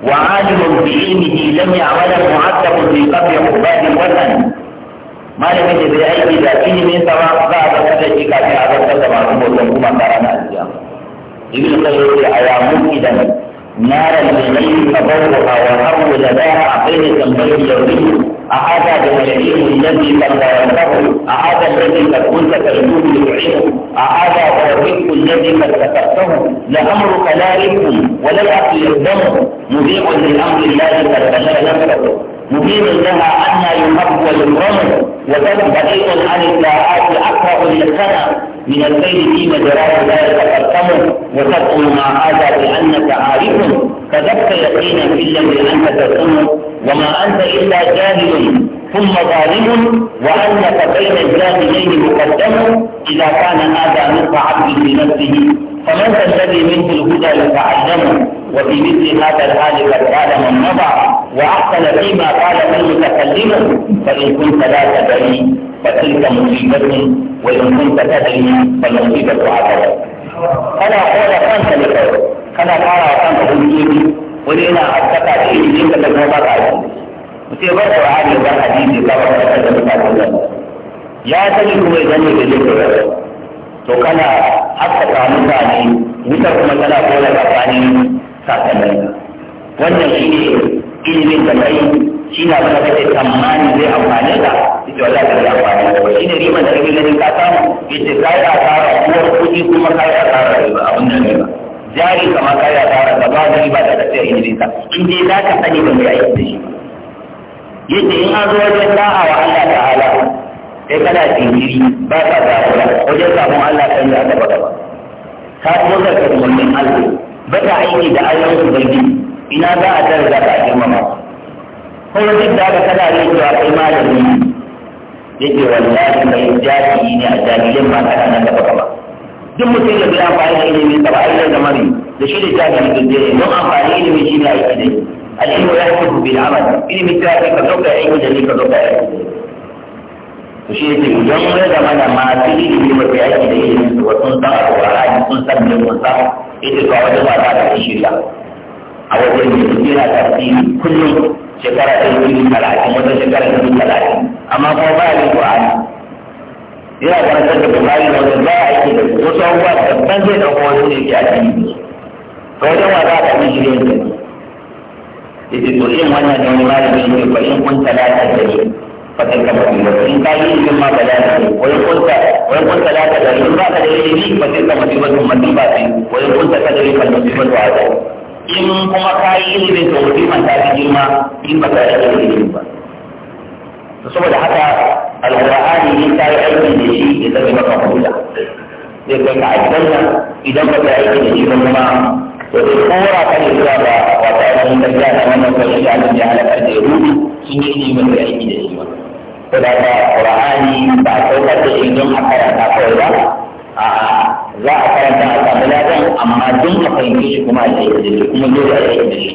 وعالم بعلمه لم يعمله معذب في قبر عباد الوثن malamin da bai aiki da ilimin sa ba za a zama da shi kafin a zama da masu motsin kuma tara na ajiya
ibn qayyim ya aya mun idan naran da yayi tabawwa wa hawu da da aqil tambayi yawmi ahada da yayi alladhi qadarahu ahada alladhi qad kunta tarjuhu yu'ihu ahada wa rabbuka alladhi qad kasabtahu la amruka la ilm wa la aqil damu mudhi'un li amri allahi qad kana nafsuhu مبين لها أن يحب ويكرم وذلك بعيد عن الساعات أكره للسنة من الليل في مجراه لا يتقدم وتدعو مع هذا بأنك عارف فذبت يقينا في الذي أنت تكون وما أنت إلا جاهل ثم ظالم وأنك بين الجاهلين مقدم إذا كان هذا نصف عبد في نفسه فمن ذا الذي منه الهدى لتعلمه وفي مثل هذا الحال قد قال من مضى واحسن فيما قال من متكلم فان كنت لا تدري
فتلك مصيبه وان كنت تدري فالمصيبه عذاب فلا قول فانت لقول كان قال فانت بوجودي ولينا اتقى في الدين ما عليه وفي بعض العالم والحديث كما تكلم يا سيدي هو يدني بالذكر to kana haskaka mutane wuta kuma tana kona tsakanin sakamai wannan shi ne ilimin da kai shi na kuma kake tsammani zai amfane ka ita wala ka ya amfane ka shi ne riman da kake ganin ka samu yace ka a asara uwar kuɗi kuma ka yi asara riba abin da ba jari kamar ka yi asara da ba da riba da tafiyar ilimin ka in dai za ka sani da mai aiki da shi yace in an zo wajen ta'a wa Allah ta'ala sai kana tsibiri ba ka zafura wajen samun Allah kan ya gaba gaba ka kuma ka kalmomin Allah ba ta aiki da ayoyin ubangiji ina za a za ka girmama kuma duk da haka kana yin cewa kai malami yake wallahi mai jahili ne a jami'in ma kana nan gaba
gaba duk mutum da bai amfani da
ilimi ba a yi da mari da shi da jahili da dai don amfani ilimin shi ne aiki dai al'ilmu ya yi kudu bil amal ilimi ta ka zo ka aiki da ni ka zo ka
aiki to shi yake idan mun ma da yi ilimi ba sai aiki da ilimin su wasu san alƙur'ani sun san
me mun san ita to a wajen ba ta da shirya a wajen ne su yana tafsiri kullum shekara ta yi talatin wata shekara ta yi talatin amma kuma ba ya alƙur'ani
yana karantar da bukari da wasu ba a yi da wasu abubuwa daban zai ɗauko
wasu ne ke addini to wajen ba za ta yi shirya ne ita to irin wannan ne wani malami ne ba in kun talata da
ne فتلك مصيبة إن كان يجب ما ba وإن قلت وإن قلت لا تدري إن كان يجري فتلك مصيبة مصيبة وإن قلت تدري فالمصيبة عذاب إن كما كان يجري فمصيبة تأتي
جرما إن بكى يجري جرما saboda haka alƙur'ani in ta yi aiki da shi ya zama maka hujja
zai kai ka nan idan ba ta aiki da shi ba kuma to zai kora ka ne zuwa ga wata ainihin gaskiya da wannan kwanin da aka da ya rubu sun yi ne ba
aiki da shi ba saboda qur'ani ba a saukar da shi don a karanta kawai ba a za a karanta a samu ladan amma don a fahimci shi kuma a yi kuma dole a yi da shi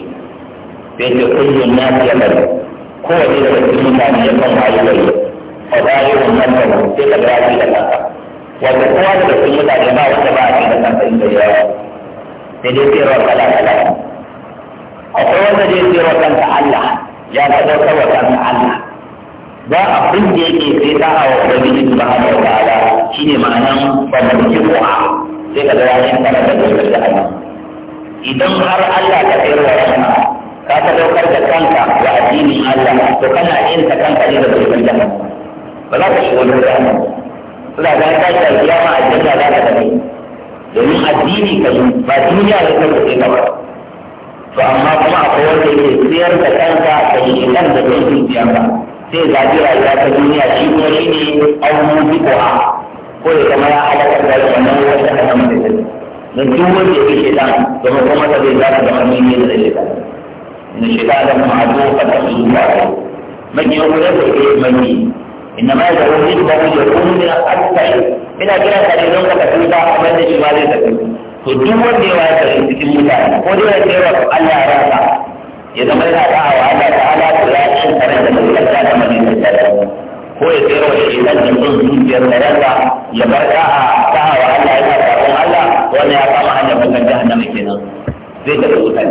sai ce kullum na fiye da kowane daga cikin mutane ya san wayi wayi a zahirin nan da sai ka ga shi da kanka wanda kowa daga cikin mutane ba wanda ba a shi da kanka inda ya yawa
sai dai tsirwa kala kala akwai wanda zai tsirwa kanka Allah ya ka ɗaukar wa kanka Allah ba a da yake sai da a wa ubangiji subhanahu wa ta'ala shine ma'anan bambanci ku'a sai ka ga yayin kana da dokar da Allah idan har Allah ka tsayar wa ranka ka ta daukar da kanka da addinin Allah to kana yin ta kanka ne da dokar da Allah
ba za ka shiga wani da Allah suna ga ka ta kiyama a janna za ka tafi domin
addini ka yi ba duniya ne ka tsaye ka ba to amma kuma akwai wanda yake tsayar da kanka da shi kan da yin kiyama sai zaɓi a ya ta duniya shi kuma shi ne abubuwan fitowa ko da kamar ya halakar da shi kamar wata kasa mai zai da duk wanda ya fi shi ta da kuma kuma ta zai zaɓi da hannun ne da ta da shi da kuma a zuwa kasa su zuwa ta manyan wurin da ke manyi inda ma ya zaɓi da kuma da kuma da a ina kira ka don ka ka tuta a banda shi ba zai tafi to duk wanda ya wata cikin mutane ko da ya ce wa Allah ya rasa ya zama yana da'awa Allah ta'ala ta rasa bayan tare da mai kasa da mai kasa ko ya tsere wa shaitan da sun zuciyar tarasa ya bar ka'a ka'a wa Allah ya sa sabon Allah wanda ya kama hanyar mutan jahannama kenan zai tafi wutan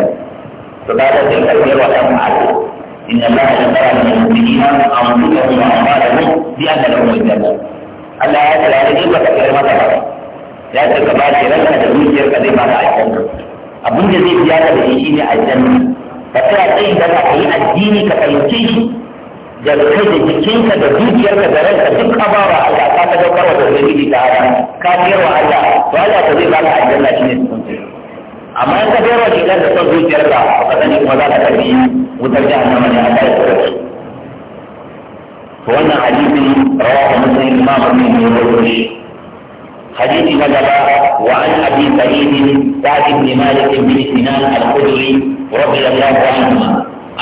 to ka ga sai karfe wa ɗan ma'aikata
إن الله اشترى من المؤمنين أنفسهم وأموالهم بأن لهم الجنة Allah ya tsara da duk wata kalma ta ba ya tsara ba shi ranka da zuciyarka zai ba
da aljanna abin da zai biya ka da shi ne aljanna ka tsaya tsayin da ka yi addini ka fahimci
shi da kai da jikinka da dukiyarka da ranka duk abawa Allah ka ta daukar wa da ubangiji ta hada ka biyar wa Allah to Allah ta zai baka aljanna shi ne sun amma in ka biyar wa shedan da son zuciyarka ka sani kuma za ka tafi wutar jahannama ne Allah ya tsare to wannan hadisi rawahu
muslim imam Ahmad ne ya rawaito shi حديث نجبة وعن أبي سعيد سعد بن مالك بن سنان الخدري رضي الله عنهما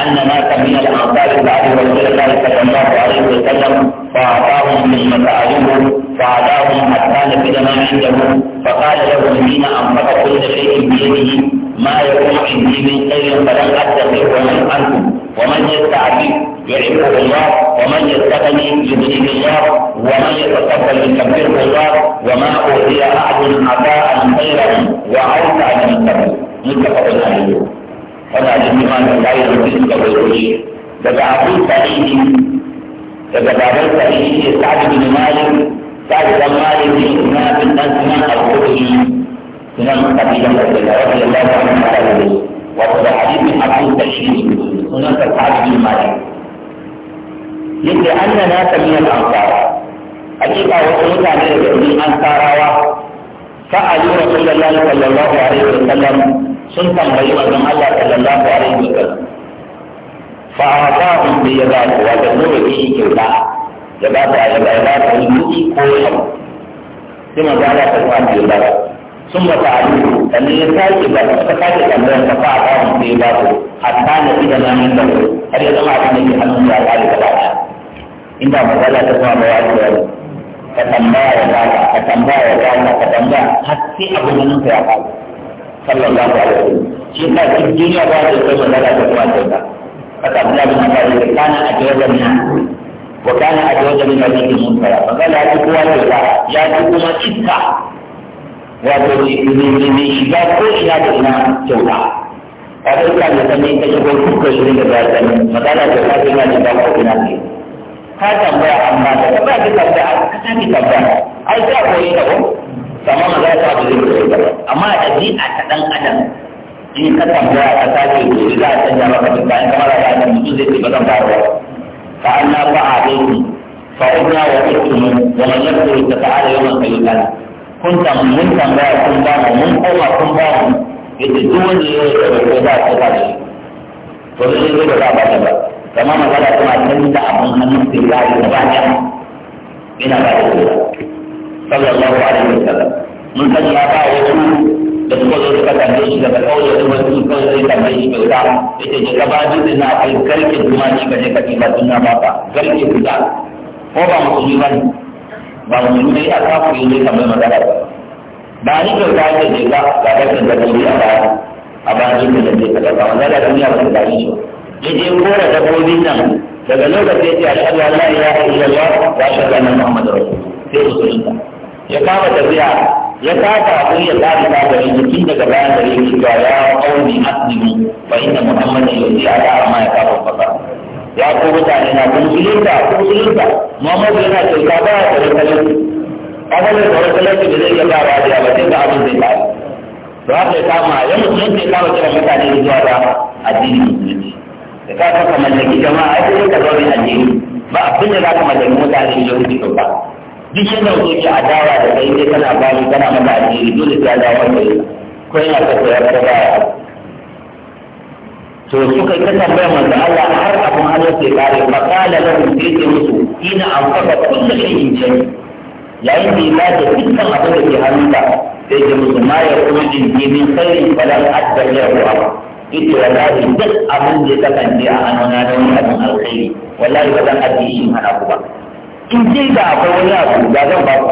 أن ناسا من الأنصار بعد رسول الله صلى الله عليه وسلم فأعطاهم من سألوه فعداهم حتى نفذ ما عنده فقال له الذين انفق كل شيء بيده ما يكون عندي من خير فلن اتقي ومن انتم ومن يستعفف يعفه الله ومن يستغني يغنيه الله ومن يتقبل يكبره الله وما اوتي احد عطاء خيرا واوسع من قبل متفق عليه هذا الامام لا يرد التقوى daga abin tarihi daga baban tarihi بن مالك سعد بن مالك بن بن أزمة الخدري من القبيلة رضي الله عنه على وفي حديث أبو تشريف هناك سعد بن
مالك يقول أن ناس من الأنصار حقيقة وسمت عن الأنصار سألوا رسول الله صلى الله عليه وسلم sun tambayi wannan Allah sallallahu alaihi wa sallam
fa atahum bi yadati wa ya ba ta ya ba ta yi kuɗi ko ya sai manzo Allah ta kuma ya ba sun ba ta alu sannan ya sake ba ta suka sake tambayar ta fa a kawai sai ya ba ta hatta na ida na min da har ya zama abin da ke hannun ya ba da gaba ɗaya inda manzo Allah ta kuma ba ya ba
ka tambaya ya ba ka tambaya ya ba ka tambaya har sai da nan ya ba
sallallahu alaihi wasallam shi ka duniya ba da kai manzo Allah ta kuma ta ba ka tambaya a jawaban وكان أجود من أجود المنكر فقال هذه قوة الله يأتيكم
إذكا ومن
شباب كل إلى دون جودا هذا كان يسمي تشكر كل شيء لبعضهم فقال هذا كان يبقى في نفسه
هذا ما أما تبع تبع كتاب تبع أي تبع إيه kamar ma za ta abu zai da amma a ɗabi'a ta ɗan adam in ka tambaya ka sake gobe za a canja maka duk bayan kamar a ɗan mutum
zai ce ba zan fara فعلنا فأعطيتني فعدنا وقفتم ومن يذكر تعالى يوم القيامة كنت من تنبأ كن بام ومن قوة كن بام يتدون لبدا تقالي فلن يجب أن أبدا كما مثلا كما تنبأ أبن أن يمسك الله تبعنا إلى بعد الله صلى الله عليه وسلم من تنبأ وسلم da suka zo suka tambaye shi daga kauye da wasu kawai zai tambaye shi kyauta ya ce ba dutse na kai garke dumaki ka je ka suna ba ka garke guda ko ba musulmi ba ne ba musulmi ne a kafin yi zai tambaye magana ba ba ni ta ya ce ba. ga garken da a ba a baya da zai kaɗa ba wanda da duniya ba ta gani shi ya je kora nan daga lokacin ya ce ashhadu an la ilaha illallah wa ashhadu anna muhammadar rasulullah sai musulunta ya kama tafiya ya saka abin ya tsari ta gare shi tun daga bayan gare shi ga ya kauni aslimu fa inna muhammadin ya yusi ala amma ya kafa fasa
ya ko mutane na kun musulunta kun musulunta muhammadu yana kyauta ba ya tare talauci asalin da wani talauci da zai iya ba ba da ba sai ga abin zai tsari to haka ya kama ya musulunta ya kama kira mutane zuwa da addini musulunci da ka kasa mallaki jama'a ai sai ka a addini ba abin da za ka mallaki mutane da yahudi ba duk yadda mutum ke adawa da kai sai kana ba shi kana mata addini dole sai ya dawo ya ko yana ka koya ta baya to suka ta tambaya manzo Allah har abun Allah sai kare makala lahum sai ce musu ina amfaka kullu shay'in
jami yayin da ya ta dukkan abin da ke hannu hannunka sai ce musu ma ya kuma jin min khairin falan adda lahu aba ita wallahi duk abin da ya kasance a hannuna na wani abin alkhairi wallahi ba zan ajiye shi hana ku ba in ce da akwai wani abu da zan ba ku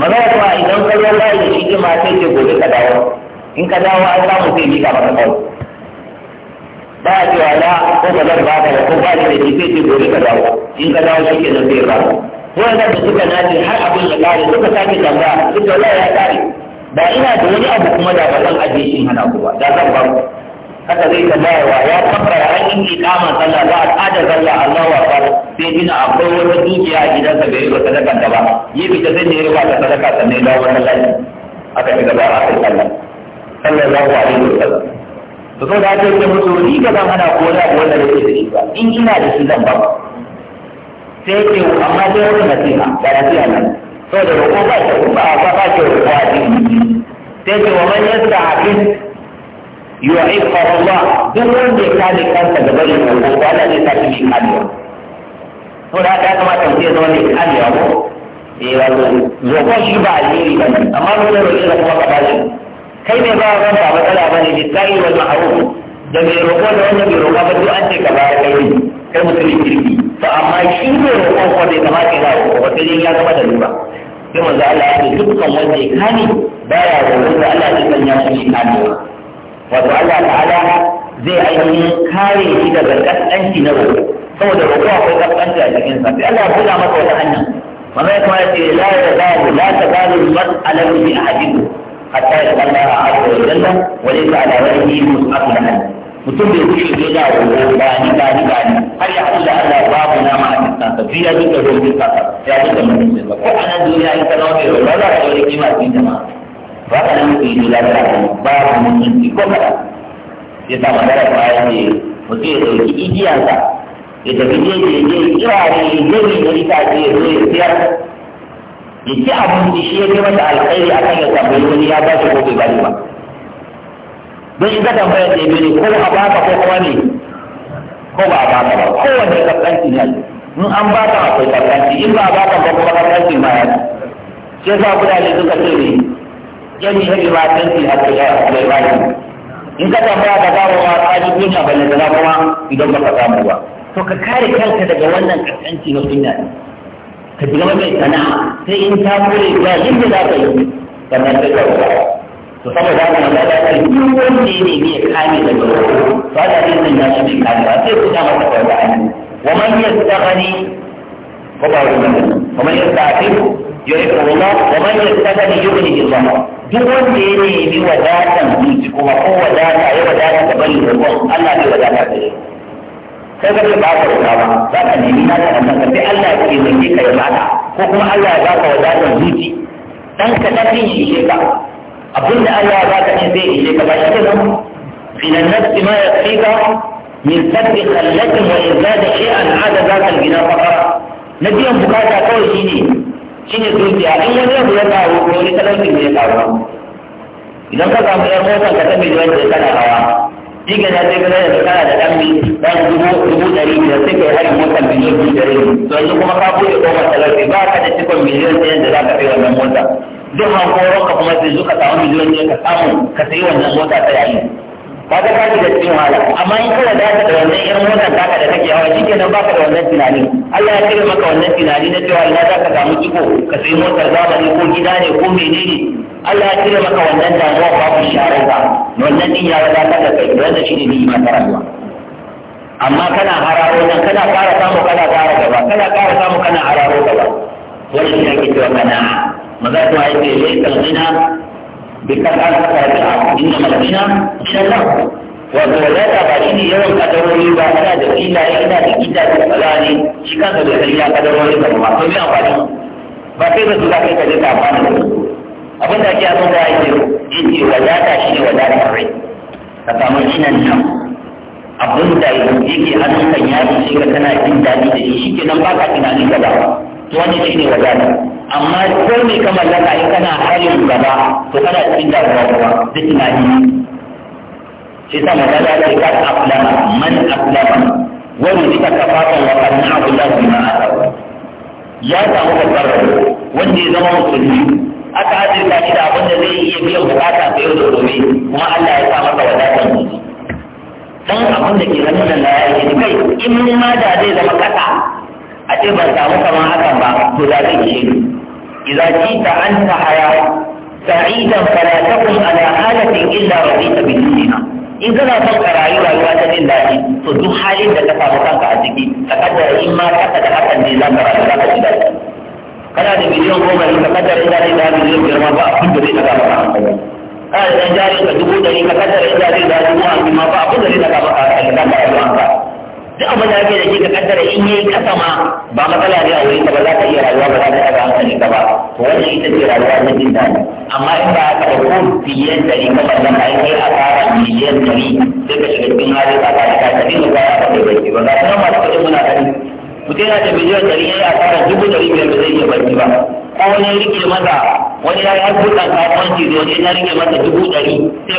magana kuma idan ka zo layi da shi jima sai ce gobe ka dawo in ka dawo an samu sai ji ka maka kawai ba a cewa la ko ba zan ba ka ko ba ni da shi sai ce gobe ka dawo in ka dawo shi ke nan sai ba wannan da suka nace har abin ya kare suka sake tambaya suka wala ya kare ba ina da wani abu kuma da ba zan ajiye shi hana ku ba da zan ba ku haka zai wa ya tabbara an yi kama sallah za a kada sallah Allah wa fa sai dina akwai wata dukiya a gidansa bai yi sadaka ta ba yi fita sai ne ya riba ta sadaka ta ne da wannan lafi aka shiga ba a kai sallah
sallallahu alaihi wa sallam to sai da ake musu ni ba zan ko da yake da shi ba in ina da shi zan ba sai ke amma dai wani nasiha da nasiha nan saboda ko ba ta ba ba ta roƙo a sai ce wa yasta yu'iffa Allah duk wanda ya kare kansa da bari ko ko Allah zai ta shi kariya to
da ka kamata mutum ya zama ne kariya ko eh wato roƙon shi ba alheri ba amma ko da roƙe da kuma faɗa kai ne ba ran ba matsala ba ne sai wal ma'ruf da me roƙo da wanda bai roƙa ba duk an ce ka bayar kai ne kai mutumin kirki to amma shi ne roƙon ko kama ke ya roƙo ba ne ya zama da ruwa sai manzo Allah ya ce dukkan wanda ya kani baya roƙon da Allah ya sanya shi
kariya wato Allah ta'ala zai ainihin kare shi daga kaskanci na roƙo saboda roƙo akwai kaskanci a cikin sa sai Allah ya buɗa masa wata hanya manzo ya kuma ce la ya zalu la ta zalu mas'alatu bi ahadikum hatta ya tsalla a arwa ya jalla wa laysa ala wajhihi mus'atun ahad mutum bai wuce ne da roƙo ba ni ba ni ba ni har ya Allah Allah babu na ma a cikin sa biya duka roƙo ka ya duka mutum ba ko anan duniya in ka zama mai roƙo za ka yi wani kima cikin jama'a فهذا يمكن إلى
ذلك بعض من يمكن كفر يسا مدرة آية mutum ya ɗauki igiyansa ya tafi jeji ya je kirare ya gani da ita ce ya zo ya siyar ya ci abinci shi ya kai mata alkhairi akan ya tambayi wani ya ba shi ko bai ba shi ba don ita tambaya ce bai ne ko a baka ko kuma ne ko ba a baka ba kowane kaskanci ne in an baka akwai kaskanci in ba a baka ba kuma kaskanci ba ya ce sai sa kudade suka ce ne yani na yi a cikin ibadi in ka tambaya ka samu ma ka ji ba balle da kuma idan ba ka samu ba to ka kare kanka daga wannan kaskanci na kunya ka ji gaba mai sana'a sai in ta kure ya yin da za ka yi sannan sai ka rubuta to saboda haka Allah ya ce duk wanda ya nemi ya kame daga wannan to Allah zai sanya shi mai kame ba sai ku ta masa kawai ayi wa man yastaghni ko ba wani wa man yastaghni yi Allah wa man yastaghni yughni Allah duk wanda ya nemi wadatan zuci kuma ko wadata ya wadata da bari da kwan Allah bai wadata da shi
sai ka ce ba ka wuta ba za ka nemi na ta hannun kan sai Allah ya ne ka ya baka ko kuma Allah ya ka wadatan zuci dan ka tafi shi ke ka da Allah
ya ka ne zai ishe ka ba shi ke nan min an ya fi ka min sabbi khallatin wa izada shay'an ada zaka al-gina faqara na biyan bukata kawai shine shi ne dukiya in wani yau ya kawo ko wani talauci ne ya kawo idan ka samu yan motar ka ta miliyan da kana hawa shi ke na sai kana da kana da ɗan ɗan dubu dubu ɗari biyar sai ka yi harin motar miliyan dubu ɗari to yanzu kuma ka buɗe kofar talauci ba ka da cikon miliyan ɗaya da za ka kai wannan mota duk hankoron ka kuma sai zuka samu miliyan ɗaya ka samu ka sayi wannan mota ta yayi ba ta kashi da cikin wahala amma in kana da ka da wannan irin motar taka da kake hawa shi kenan baka da wannan tunani Allah ya kire maka wannan tunani na cewa ina za ka samu iko ka sayi motar zamani ko gida ne ko menene Allah ya kire maka wannan damuwa ku share ba wannan din ya ta da kai wannan shine ni'ima ta rayuwa amma kana hararo nan kana ƙara samu kana ƙara gaba kana ƙara samu kana hararo gaba wannan ya ke cewa kana maza ta yi ne kan gina bikas an saka da inda madina shallah wato wadata ba shi ne yawan kadarori ba ana da filaye ina da gida da tsalani shi kansa da sai ya kadarori ba ma to me amfani ba kai ba su za kai ka je ka amfani da
su abin da ake a da ake ne wadata shi ne wadata rai ka samu inan nan abin da yake hannun kan ya ce ka tana jin daɗi da shi shi ke nan ba ka tunanin ka ba wani shi ne wadata amma sai mai ka mallaka in kana halin gaba to kana cikin damuwa kuma na yi
shi sa magana ce kan aflama man aflama wani suka kafafan wa kan abdullahi bin ma'asa ya samu babbar rabo wanda ya zama musulmi aka azurta shi da abin da zai iya biyan bukata ta yau da gobe kuma Allah ya sa masa wadatar mutum dan abin da ke hannun Allah ya yi kai in ma da zai zama kasa a ba ta samu kamar hakan ba to da zai ishe ni idza jita anta haya sa'idan fala takun ala halatin illa radita bi dunya in kana son ka rayu rayuwa ta din daɗi to duk halin da ka samu kanka a ciki ka kada in ma ka da hakan ne za ka rayu za ka ji daɗi
kana da miliyan goma ne ka kada in za ka da miliyan goma ma ba abin da zai ɗaga maka kana da jari ka dubu ɗari ka kada in da ka
da kaddara in yi kasa ma ba matsala ne a wurin ka ba za ka iya rayuwa ba za ka hankali ka ba to wannan ita ce rayuwa na jin daɗi amma in ba haka ko biyan dari ka ba zan kai kai asara dari sai ka shiga cikin hali ba ka ka tafi ba ka ba da bai ba ga kuma masu kuɗin muna gani
yana da miliyan dari ya yi asara dubu dari biyar ba zai iya barci ba ko rike masa wani ya yi harkokan kasuwanci da wani ya rike masa dubu sai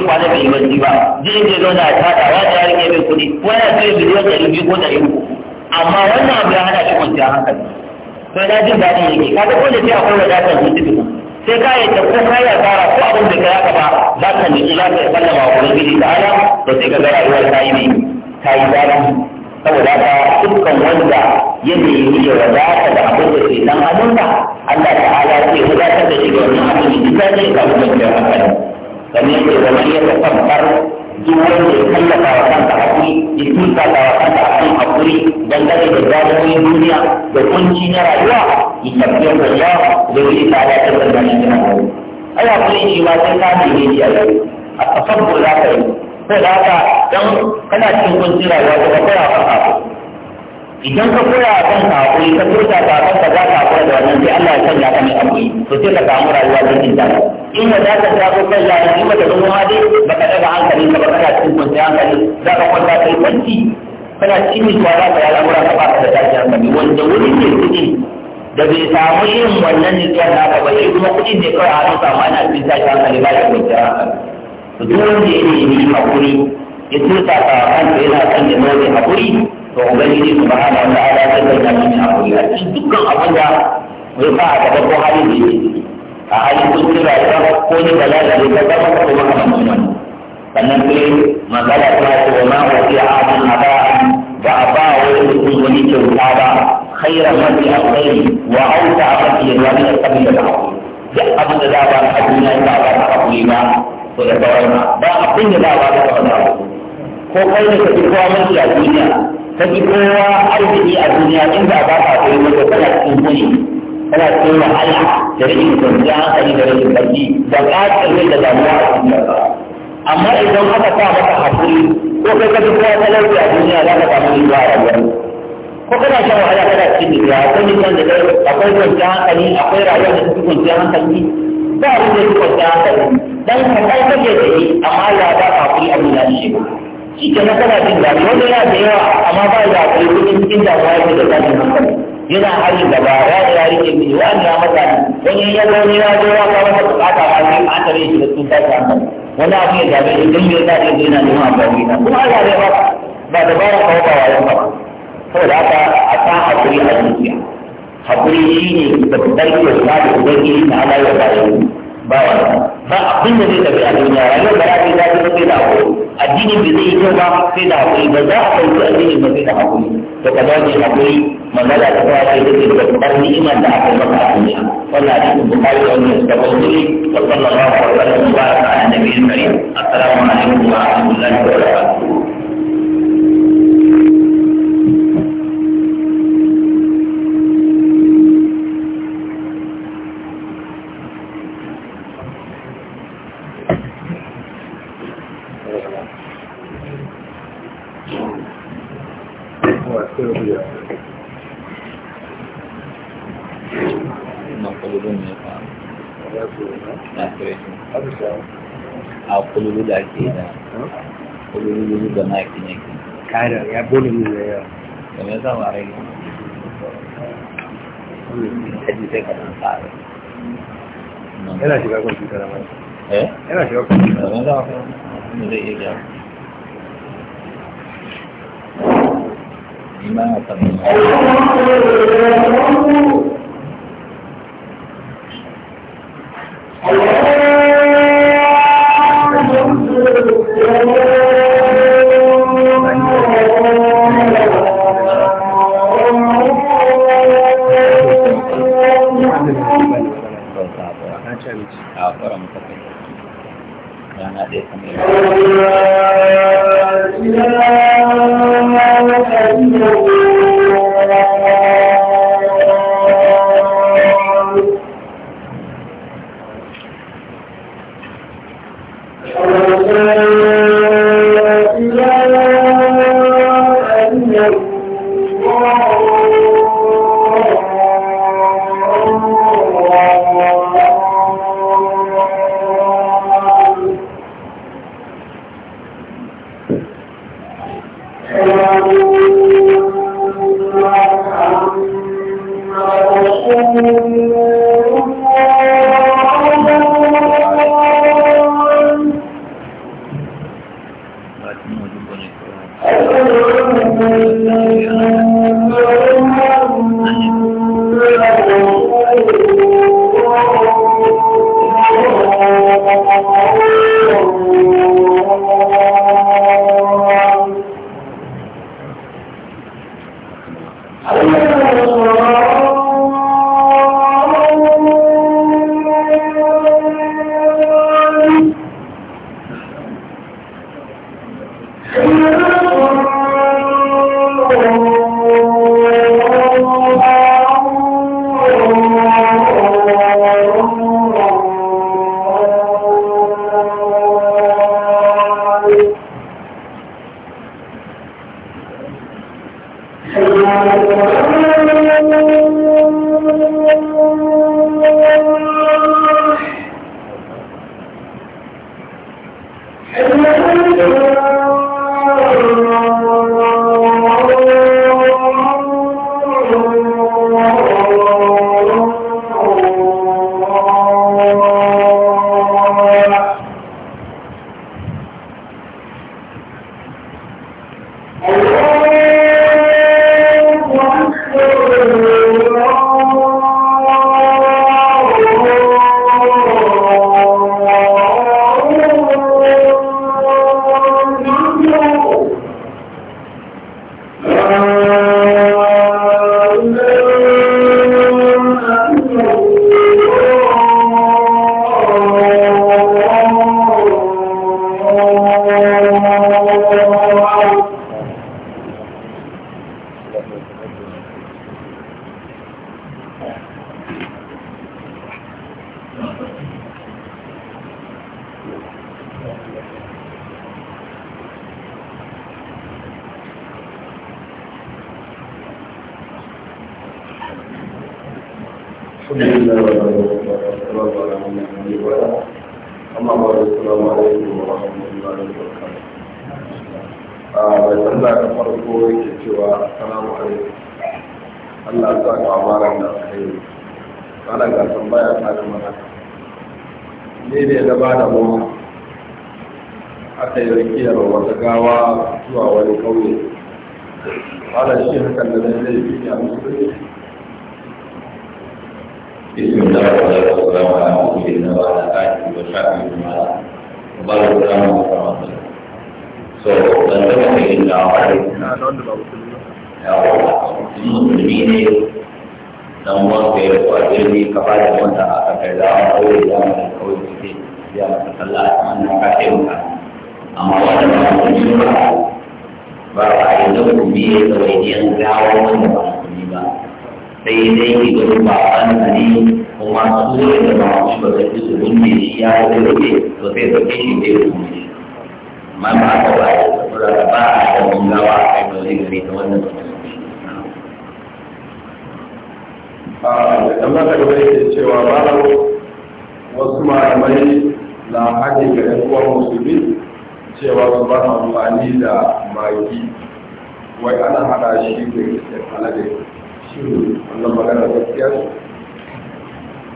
kwana bai yi ba zai je zauna a tada wani ya rike mai kuɗi wani ya miliyan dari
biyu ko dari uku
amma wannan abu ya hana shi kwanciyar hankali sai na jin daɗi yake ka ga dole sai akwai wadatar zuci duka sai ka yi ta ko ya yi ko abin da ka ya gaba za ka nutsu za ka yi sallama wa ubangiji da ala da sai ka ga rayuwar ta yi ne ta yi zaɓi saboda ka dukkan wanda ya nemi ya wadata da abin da ke nan hannunka Allah ta'ala zai wadatar da shi ga wannan abin da duka ne ka mutunta hankali kamar yadda wani ya tafafar duk wanda ya tallata wa kansa hakuri ya tuta ta wa kansa a kan hakuri dangane da zagayoyin duniya da kunci na rayuwa ya tafiyar da ya da wuri ta ala ta zanga shi na hau ai hakuri shi ma sai ka nemi shi a yau
a kasar da za ka yi ko da haka don kana cikin kunci rayuwa da ka fara fasa
idan ka koya a kanka hakuri ka tota ta ka za ka hakura da wannan sai Allah ya sanya ka mai hakuri to sai ka samu rayuwa da jin daɗi
in da za ka shago kan yaya in ma ka zama ma dai ba ka daga hankali ka ba kana cikin kwanciyar hankali za ka kwanta kai kwanci kana cikin nutsuwa za ka yi al'amura ka ba ka da tashin hankali wanda wuri ne kuɗi
da bai samu yin wannan nutsuwa na ka ba shi kuma kuɗi ne kawai a hannunsa amma yana cikin tashin hankali ba ya kwanciyar hankali to duk wanda ya yi hakuri ya tota ta kanka yana son ya nome hakuri to ubangiji subhanahu wa ta'ala zai bayyana mini a kuri a cikin dukkan abin da ya fa a gaba ko hali da yake a halin kuskure rayuwa ko ne bala da ya ga gaba ko maka mace wani sannan sai magana ta ce wa ma wa fi abin aba'an ba a ba wa mutum wani kyauta ba khairan mafi alkhairi wa auta a mafi yalwa ne a kabin da ba duk abin da za a ba a duniya ba a ba a kuri ba to da sauran ba abin da za a ba a kawai ko kai ne ka fi kowa mafi a duniya ta ji kowa arziki a duniya in ba ba ka kai mata kana cikin kuni kana cikin wahala da rashin kwanciyar hankali da rashin barci da ƙasar da damuwa a cikin ba amma idan aka sa maka haƙuri ko kai ka ji kowa talauci a duniya za ka samu riba a rayuwa ko kana shan wahala kana cikin dukiya akwai nisan da kai akwai kwanciyar hankali akwai rayuwa da cikin kwanciyar hankali ba abin da ya kwanciyar hankali dan ka kai kake da shi amma ya ba ka kuɗi abin da shi ba shi ke na kana jin daɗi wanda yana da yawa amma ba da akwai kudin cikin da ba yake da tashin yana hali da ba ya ya rike mini wa Allah
mata wani ya zo ne ya zo ya kawo masa bukata ba sai an tare shi da sun tashin hankali wani abu ya zabe shi don me yasa zai na neman amfani na kuma Allah ne ba ba da ba ya kawo ba wayan ba
saboda haka a sa hakuri a zuciya hakuri shine babbar kyauta da ubangiji na Allah ya bayar ba wani ba abin da zai tafi a duniya rayuwar ba za ta yi daɗi ba sai da haƙuri addini bai zai yi kyau ba sai da haƙuri ba za a ɗauki addini ba sai
da haƙuri to ka ba ne haƙuri manzala ta kawo sai da ke da kuɗar ni'imar da aka yi maka a duniya wannan cikin bukari da wannan da bauti wa sallallahu alaihi wa sallam wa baraka ala nabiyyin karim assalamu alaikum wa rahmatullahi wa barakatuh dole ne ya yawa da zama rai haji sai ka yana shiga mai eh?
yana shiga ce a fara muka kai rana ɗaya kamar yau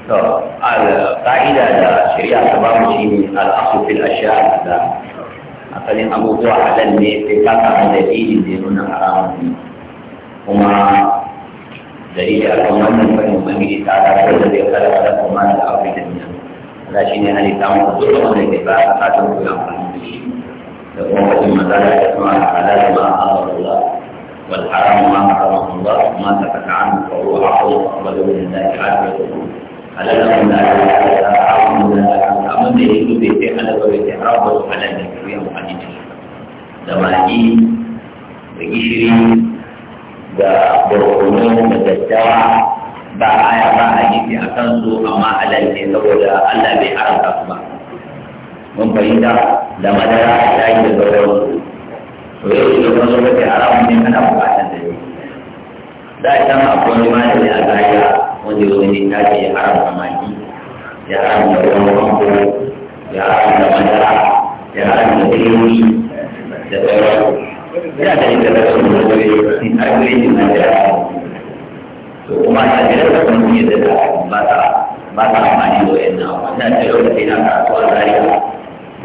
القاعدة الشريعة تبارك شيء الأصل في الأشياء هذا أقل أبو ضوء على الاتفاق عن دليل دينون حرام وما دليل أرمان من فهم مهمي تعالى الذي خلق لكم على الأرض جميعا لكن أنا لتعمل ضوء عن الاتفاق أتعلم في أمران لكم فهم مدارة أسمع الحلال ما أمر الله والحرام ما حرم الله ما تفتعان فهو أحضر أبدا من الله تعالى alaƙa da abin da abin da ya yi bai sai ana kawai sai haram ba da da da da barkono da daddawa ba aya ba a a kan amma Allah bai ba da madara da yau
shi wani lokaci ne buƙatar da shi a akwai wani malami a gaya Wani ya wani tashi ya haramta maki ya haramta ruwan ya haramta madara ya haramta ilimi da sauransu ya da ita da sun zobe in na da
to kuma ta jira da kan yi ta ba ta ba ta amfani da wayannan abubuwa ta jira da ina karatu a zariya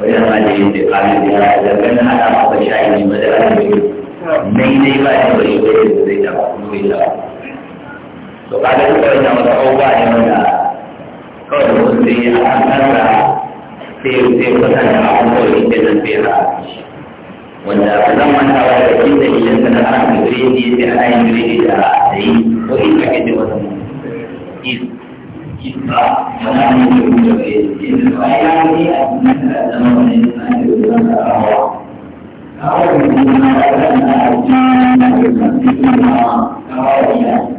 wajen ma da yin da kamin da ya da ganin ana maka shayi ne madara da biyu daidai ba ne ba shi wajen da zai ta kuma ya ta to ka da duka wannan wasu abubuwa ne wanda kawai da mutum zai yi a kan kansa sai sai kwatanta abubuwa da ke zan fiye da wanda ba zan manta ba da cikin dalilin da na kan biredi da ayin biredi da da yi ko in ka kace
wata is isa mana ne ke mutu da yin bayan ne a cikin da zama wani ne da zama da hawa kawai da kuma da zama da cikin da zama da hawa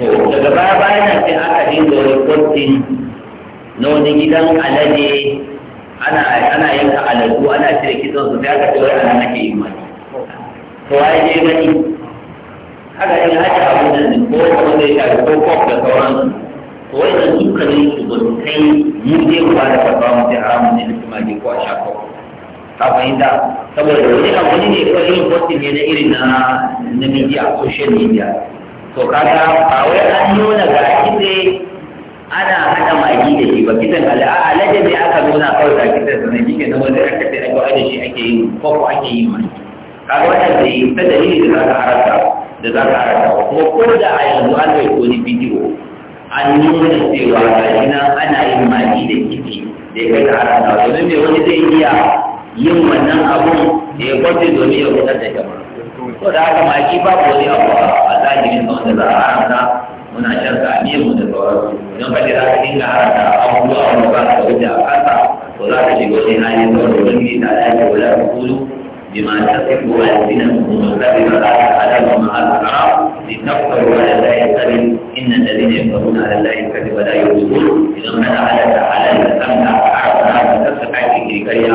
daga baya bayan sai aka dinga reporting
na wani gidan alade ana ana yanka aladu ana cire kitson su sai aka ce wai ana nake
yin mani to ai je gani
haka in haka abu da ne ko wani zai shafi ko ko da sauransu to wai da duka ne su ba su kai mu je mu ba da farfa mu sai haramun ne na kuma ko a shafa ka fahimta saboda wani abu ne ko yin posting ne na irin na na media social media to kaga ba wai an nuna ga kitse ana hada magi da shi ba kitan al'ada ne aka nuna kawai ga kitse sannan shi ke zama da aka sai aka wani shi ake yi ko ko ake yi mai kaga wannan da yi ta dalili da zaka harata da zaka ka kuma ko da a yanzu an bai ni bidiyo an nuna cewa ga shi na ana yin magi da kitse da ya kai ta harata domin me wani zai iya yin wannan abun da ya kwace domin ya fitar da jama'a
ko da haka maki babu wani abu a zahirin da wanda za a haramta muna shan sami mu da sauransu don ka ce za ka dinga haramta abubuwa wanda ba ka wuce a kansa to za ka shiga wani hali da wani wani da ya ce wala ka ka kulu بما تصف ألسنتكم والكذب على الحلال مع الحرام لتكفروا على الله الكذب إن الذين يكفرون على الله الكذب لا يؤمنون إذا من على الحلال فسمع
حرام فسمع في كريم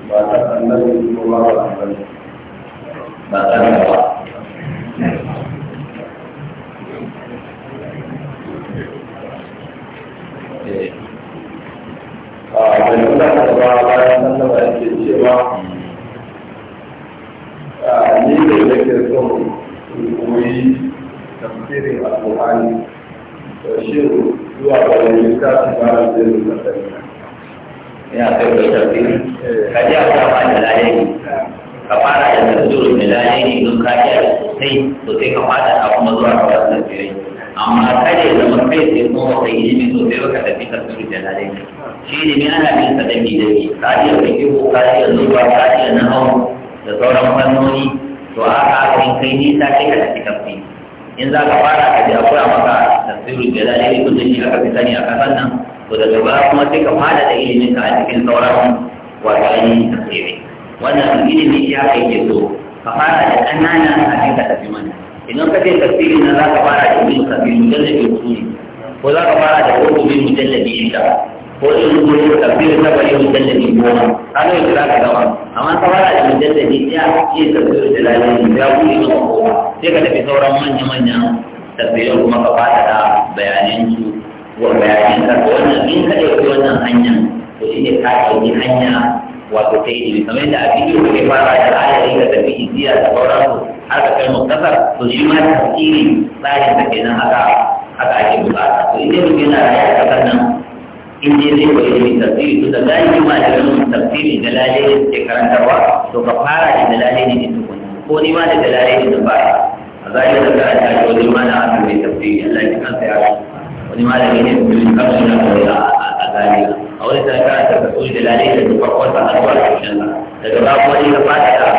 ba ta annabi ko ba ba annabi
ba ta ba
a da nuna da ba bayan nan ba ke cewa a ni da yake son koyi tafsirin alƙur'ani da shi zuwa ga wani littafi ba da zai rubuta
ina kai da tafsiri ka ji a kafa da lalai ka fara da tafsirin da lalai ne don ka iya
sosai sai ka fada a kuma zuwa ga wasu tafsirai amma kada ya zama kai sai kuma wata ilimi sosai ba ka tafi tafsirin da lalai shi ilimi ana bin sa da bi da bi ka iya fikihu ka iya zuwa ka iya nahau da sauran fannoni to a haka in kai nisa kai ka tafi tafsiri in za ka fara ka ji a kura maka tafsirin da lalai kudin shi aka fi sani a kasan nan to daga baya kuma sai ka fada da ilimin ka a cikin sauran wato ainihin tafsiri wannan ilimi ya kai ke so ka fara da ƙananan abin ka tafi
mana idan ka ce tafsiri na za ka fara da ibn kafi mujallabi
usuli ko za ka fara da kutubi mujallabi shida ko in ko tafsiri ta bari mujallabi goma kaga yanzu za ka gama amma ka fara da mujallabi ɗaya iya tafsiri da lalani ya buɗe maka goma sai ka tafi sauran manya-manyan tafsirin kuma ka fara da bayanan su wannan, wannan in ya ne وبيان كونا من كده da هنيا وشيء كاي من da وتتيجي كمان ده أكيد كده da الآية دي كده في إديا تقرأه هذا كان مختصر تجمع تفسير لا يمكننا هذا هذا أكيد بقى haka ake أنا أتكلم in dai zai koyi ilimin tafsiri to da galibi ma da ilimin tafsiri da lalai ne suke karantarwa to ka fara da lalai ne din tukuni. ko ni ma da lalai ne da baya a zahiri da karanta shi wajen ma na tafsiri Allah ya kansa ya rayu wani malami ne da shi kamar yana koyi a gani a wani sai kana ta kaso da lalai da duk farkon sa har zuwa ƙarshen sa daga ba kuma ne ka fada da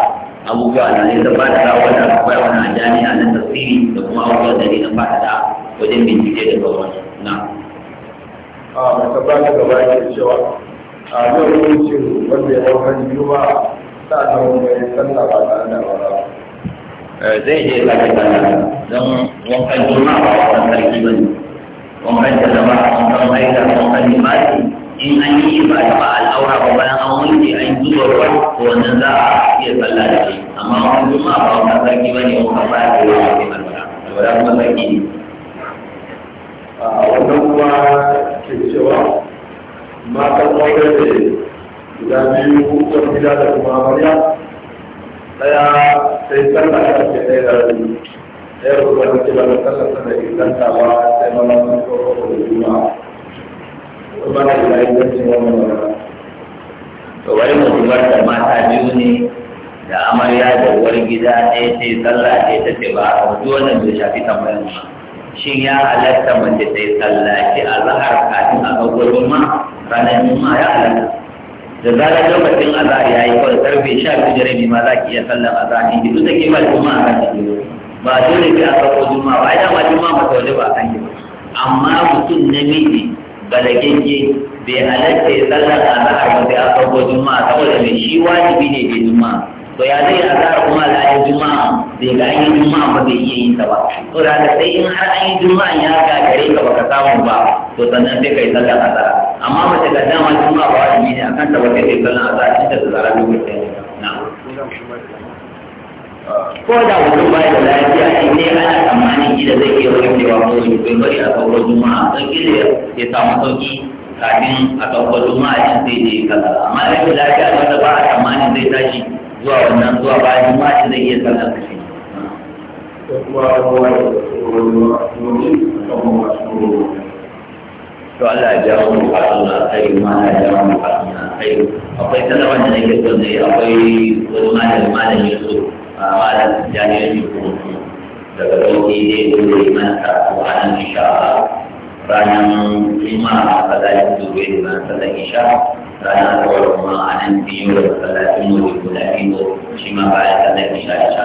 abubuwa na ne ka fada da wannan akwai wannan jami'a na tafsiri da kuma abubuwan da ne ka fada da wajen bincike da sauransu na a masaba da gaba yake cewa a yau hukuncin wanda ya hau biyu ba sa nan mai sallah ba tare da wara
eh, zai je sake sallah don wankan juma'a ba wannan sarki ba ne ومن جلبا ومن بيتا ومن لباسي إن أن يبقى يبقى الأورا وبيان أموني أن يدور ونزاع يصلى عليه أما ومن ثم فهو تزكي من يوم فاتي ويوم المرأة ولا هو تزكي
wannan kuma ke cewa matan aure ne guda biyu kusan gida da kuma amarya daya sai sallah ta ke ɗaya da rabi ɗaya rubar da ke da ba sai da da mata biyu ne da amarya da uwar gida ɗaya ce sallah ɗaya ta ce ba a wajen wannan bai shafi tambayar ba shin ya halatta mace ta yi a zahar kafin a gagwarin ma ranar ma ya halatta da zarar lokacin azhar ya yi kawai karfe sha biyu da ma za ki iya sallar azhar ne duk da ke ba kuma a ranar ba dole ne a sako juma'a ba ina ma juma'a mata wani ba kan yi ba amma mutum namiji balagenge bai halatta ya sallar a zahar ba sai a sako juma'a saboda mai shi wajibi ne bai juma'a to ya zai a tsara kuma da ayi juma'a bai ga an yi juma'a ba bai iya yin ta ba to da haka sai in har an yi juma'a ya ga gare ka baka samu ba to sannan sai kai sallar a tsara amma mace ga dama juma'a ba wajibi ne akan ta wata kai tsalla a ita ta zara lokacin
ko da mutum ba da lafiya shi ne ana tsammanin gida zai iya da warkewa ko shi bai bari a kawo a don gida ya samu
sauki kafin a kawo juma'a din zai je kaza amma rashin lafiya wanda ba a tsammanin zai tashi zuwa wannan zuwa ba juma'a din zai iya sallar da shi. a Wa wa wa wa wa wa wa wa wa wa to ala ya jawo mu a Allah kai ma ya jawo mu a kai akwai talaba da nake so ne akwai wani malami malami so a malam jami'an ne ko daga dauki ne dole mana ka ko an kuma ranar juma'a a kazalin dubai da ran sallar isha ranar kawai kuma a nan biyu da masallacin mu da biyu shi ma bayan sallar isha